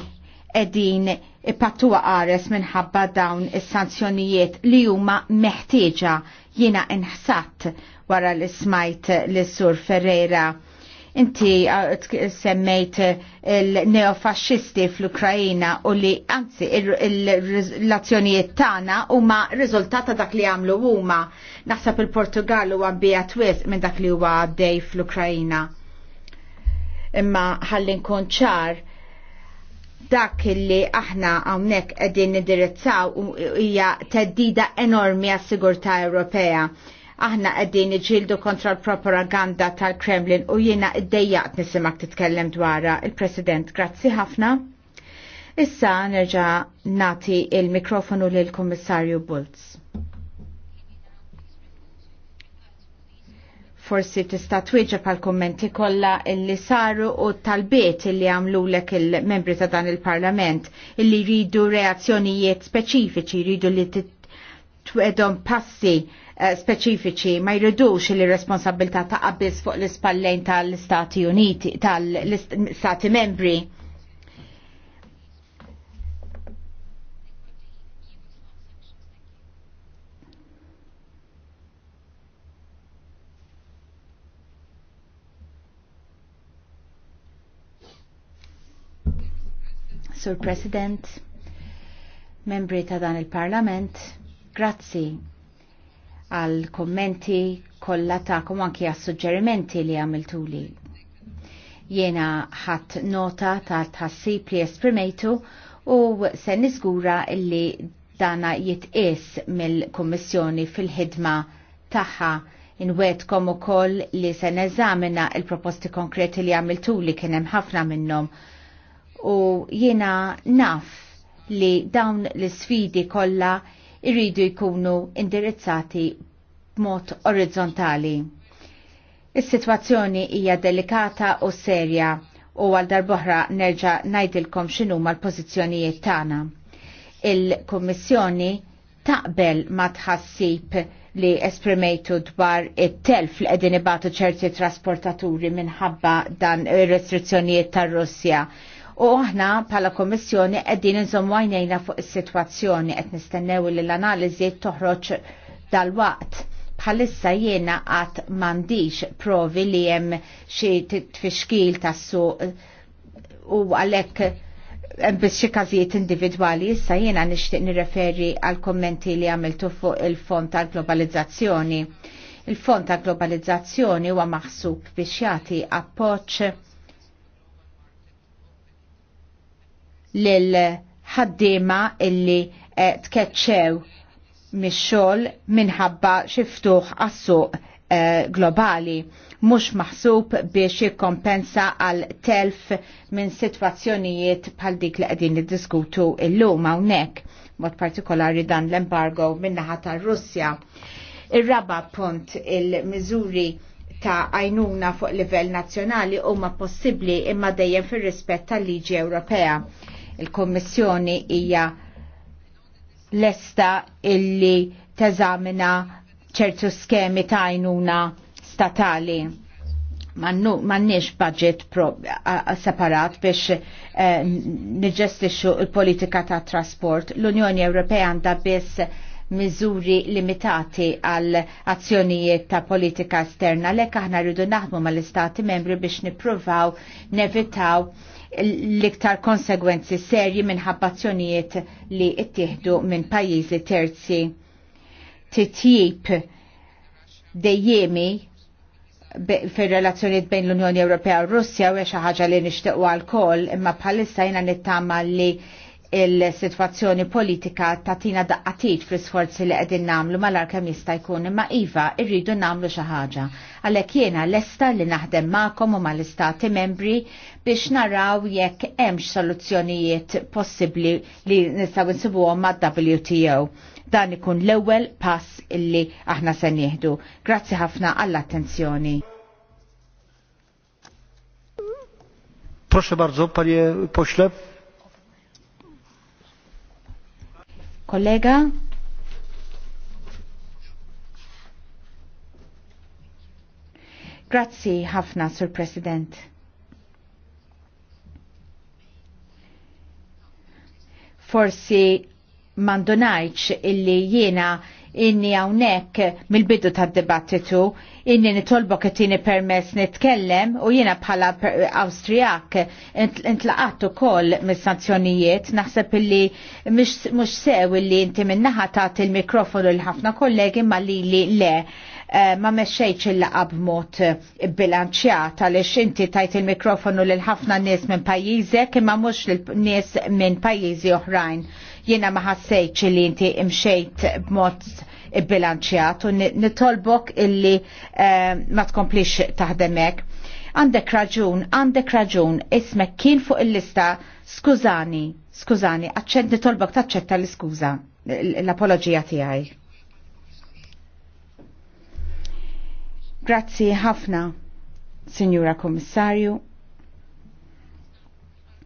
edin ipattuwa għares minħabba dawn is-sanzjonijiet li huma meħtieġa jiena inħsat wara li smajt l sur Ferreira. Inti uh, semmejt uh, il-neofasċisti fl-Ukrajina u li anzi l-azzjonijiet tagħna huma ma rizultata dak li għamlu huma. Naħseb il-Portugal huwa bija twiz minn dak li huwa għaddej fl-Ukrajina. Imma ħallin konċar ċar dak li aħna hawnhekk qegħdin nidirizzaw hija teddida enormi għas-sigurtà Ewropea. Aħna qegħdin niġġieldu kontra l-propaganda tal-Kremlin u jiena iddejjaqt nisimak titkellem dwarha il-President. Grazzi ħafna. Issa nerġa' nati il-mikrofonu lill-Kummissarju Bulz. forsi tista' twieġeb għal kommenti kollha illi saru u talbiet illi għamlulek il-membri ta' dan il-Parlament illi jridu reazzjonijiet speċifiċi, jridu li twedhom passi eh, speċifiċi ma jridux li responsabilità ta' qabis fuq l-ispallejn tal-Istati Uniti, tal-Istati Membri Sur President, membri ta' dan il-Parlament, grazzi għal kommenti kollha tagħkom anki għas suġġerimenti li li. Jiena ħadd nota ta' tħassib li esprimejtu u se niżgura illi dana jitqies mill-Kummissjoni fil-ħidma tagħha inwedkom ukoll li se neżamina il-proposti konkreti li għamiltu li kien hemm ħafna minnhom u jiena naf li dawn l-sfidi kollha irridu jkunu indirizzati b'mod orizzontali. Is-sitwazzjoni hija delikata u serja u għal darboħra nerġa' ngħidilkom x'inhuma l-pożizzjonijiet tagħna. Il-Kummissjoni taqbel ma tħassib li esprimejtu dwar it-telf li qegħdin ibatu ċerti trasportaturi minħabba dan ir-restrizzjonijiet tar-Russja U aħna bħala Kommissjoni qegħdin inżommu għajnejna fuq is-sitwazzjoni qed nistennew li l-analiżi toħroġ dal-waqt bħalissa jiena għat mandiċ provi li jem xie tfixkil tassu u għalek biex xie kazijiet individuali issa jiena nishtiq nireferi għal kommenti li għamiltu fuq il-fond tal-globalizzazzjoni. Il-fond tal-globalizzazzjoni huwa maħsub biex jagħti appoġġ lil ħaddiema illi eh, tkeċċew mix-xogħol minħabba xi ftuħ għas-suq eh, globali mhux maħsub biex jikkompensa għal telf minn sitwazzjonijiet bħal dik li qegħdin niddiskutu illum hawnhekk, mod partikolari dan l-embargo min-naħa tar-Russja. Ir-raba punt il-miżuri ta' għajnuna fuq livell nazzjonali huma possibbli imma dejjem fir-rispett tal-liġi Ewropea Il-Kommissjoni hija lesta illi teżamina ċertu skemi ta' għajnuna statali. Mannix budget separat biex eh, niġestixxu il-politika ta' trasport. L-Unjoni Ewropea għandha biss miżuri limitati għal azzjonijiet ta' politika esterna lek aħna rridu naħdmu mal-istati membri biex nippruvaw nevitaw l-iktar konsegwenzi serji minn ħabbazzjonijiet li ittieħdu minn pajjiżi terzi. Titjib dejjemi fil-relazzjoniet bejn l-Unjoni Ewropea u Russja u xi ħaġa li nixtiequ għal imma bħalissa jiena nittama li il-situazzjoni politika ta' tina daqqatit fl sforzi li qegħdin namlu mal-arkem jista' jkun imma iva irridu namlu xi ħaġa. Għalhekk jiena lesta li naħdem magħkom u mal-istati membri biex naraw jekk hemmx soluzzjonijiet possibbli li nistgħu nsibuhom mad-WTO. Dan ikun l-ewwel pass illi aħna se nieħdu. Grazzi ħafna għall-attenzjoni. Proszę bardzo, panie pośle. Kollega? Grazzi ħafna, Sir President. Forsi mandonajċ illi jiena inni hawnhekk mill-bidu tad-dibattitu inni nitolbo ittini permess nitkellem u jiena bħala Austriak intlaqat ukoll mis-sanzjonijiet naħseb illi mhux sew illi inti minnaħa tagħti il-mikrofonu l ħafna kollegi ma li le eh, ma meċċejċ il-laqab mod bilanċjat għaliex inti tajt il-mikrofonu lil ħafna nies minn pajjiżek imma mhux lil nies minn pajjiżi oħrajn. Jiena ma ħassejtx li inti imxejt b'mod bilanċjat u nitolbok illi eh, ma tkomplix taħdemek. Għandek raġun, għandek raġun, ismek kien fuq il-lista, skużani, skużani, għacċed nitolbok taċċetta l-skuża, l-apologija tiegħi. Grazzi ħafna, Signora Kommissarju.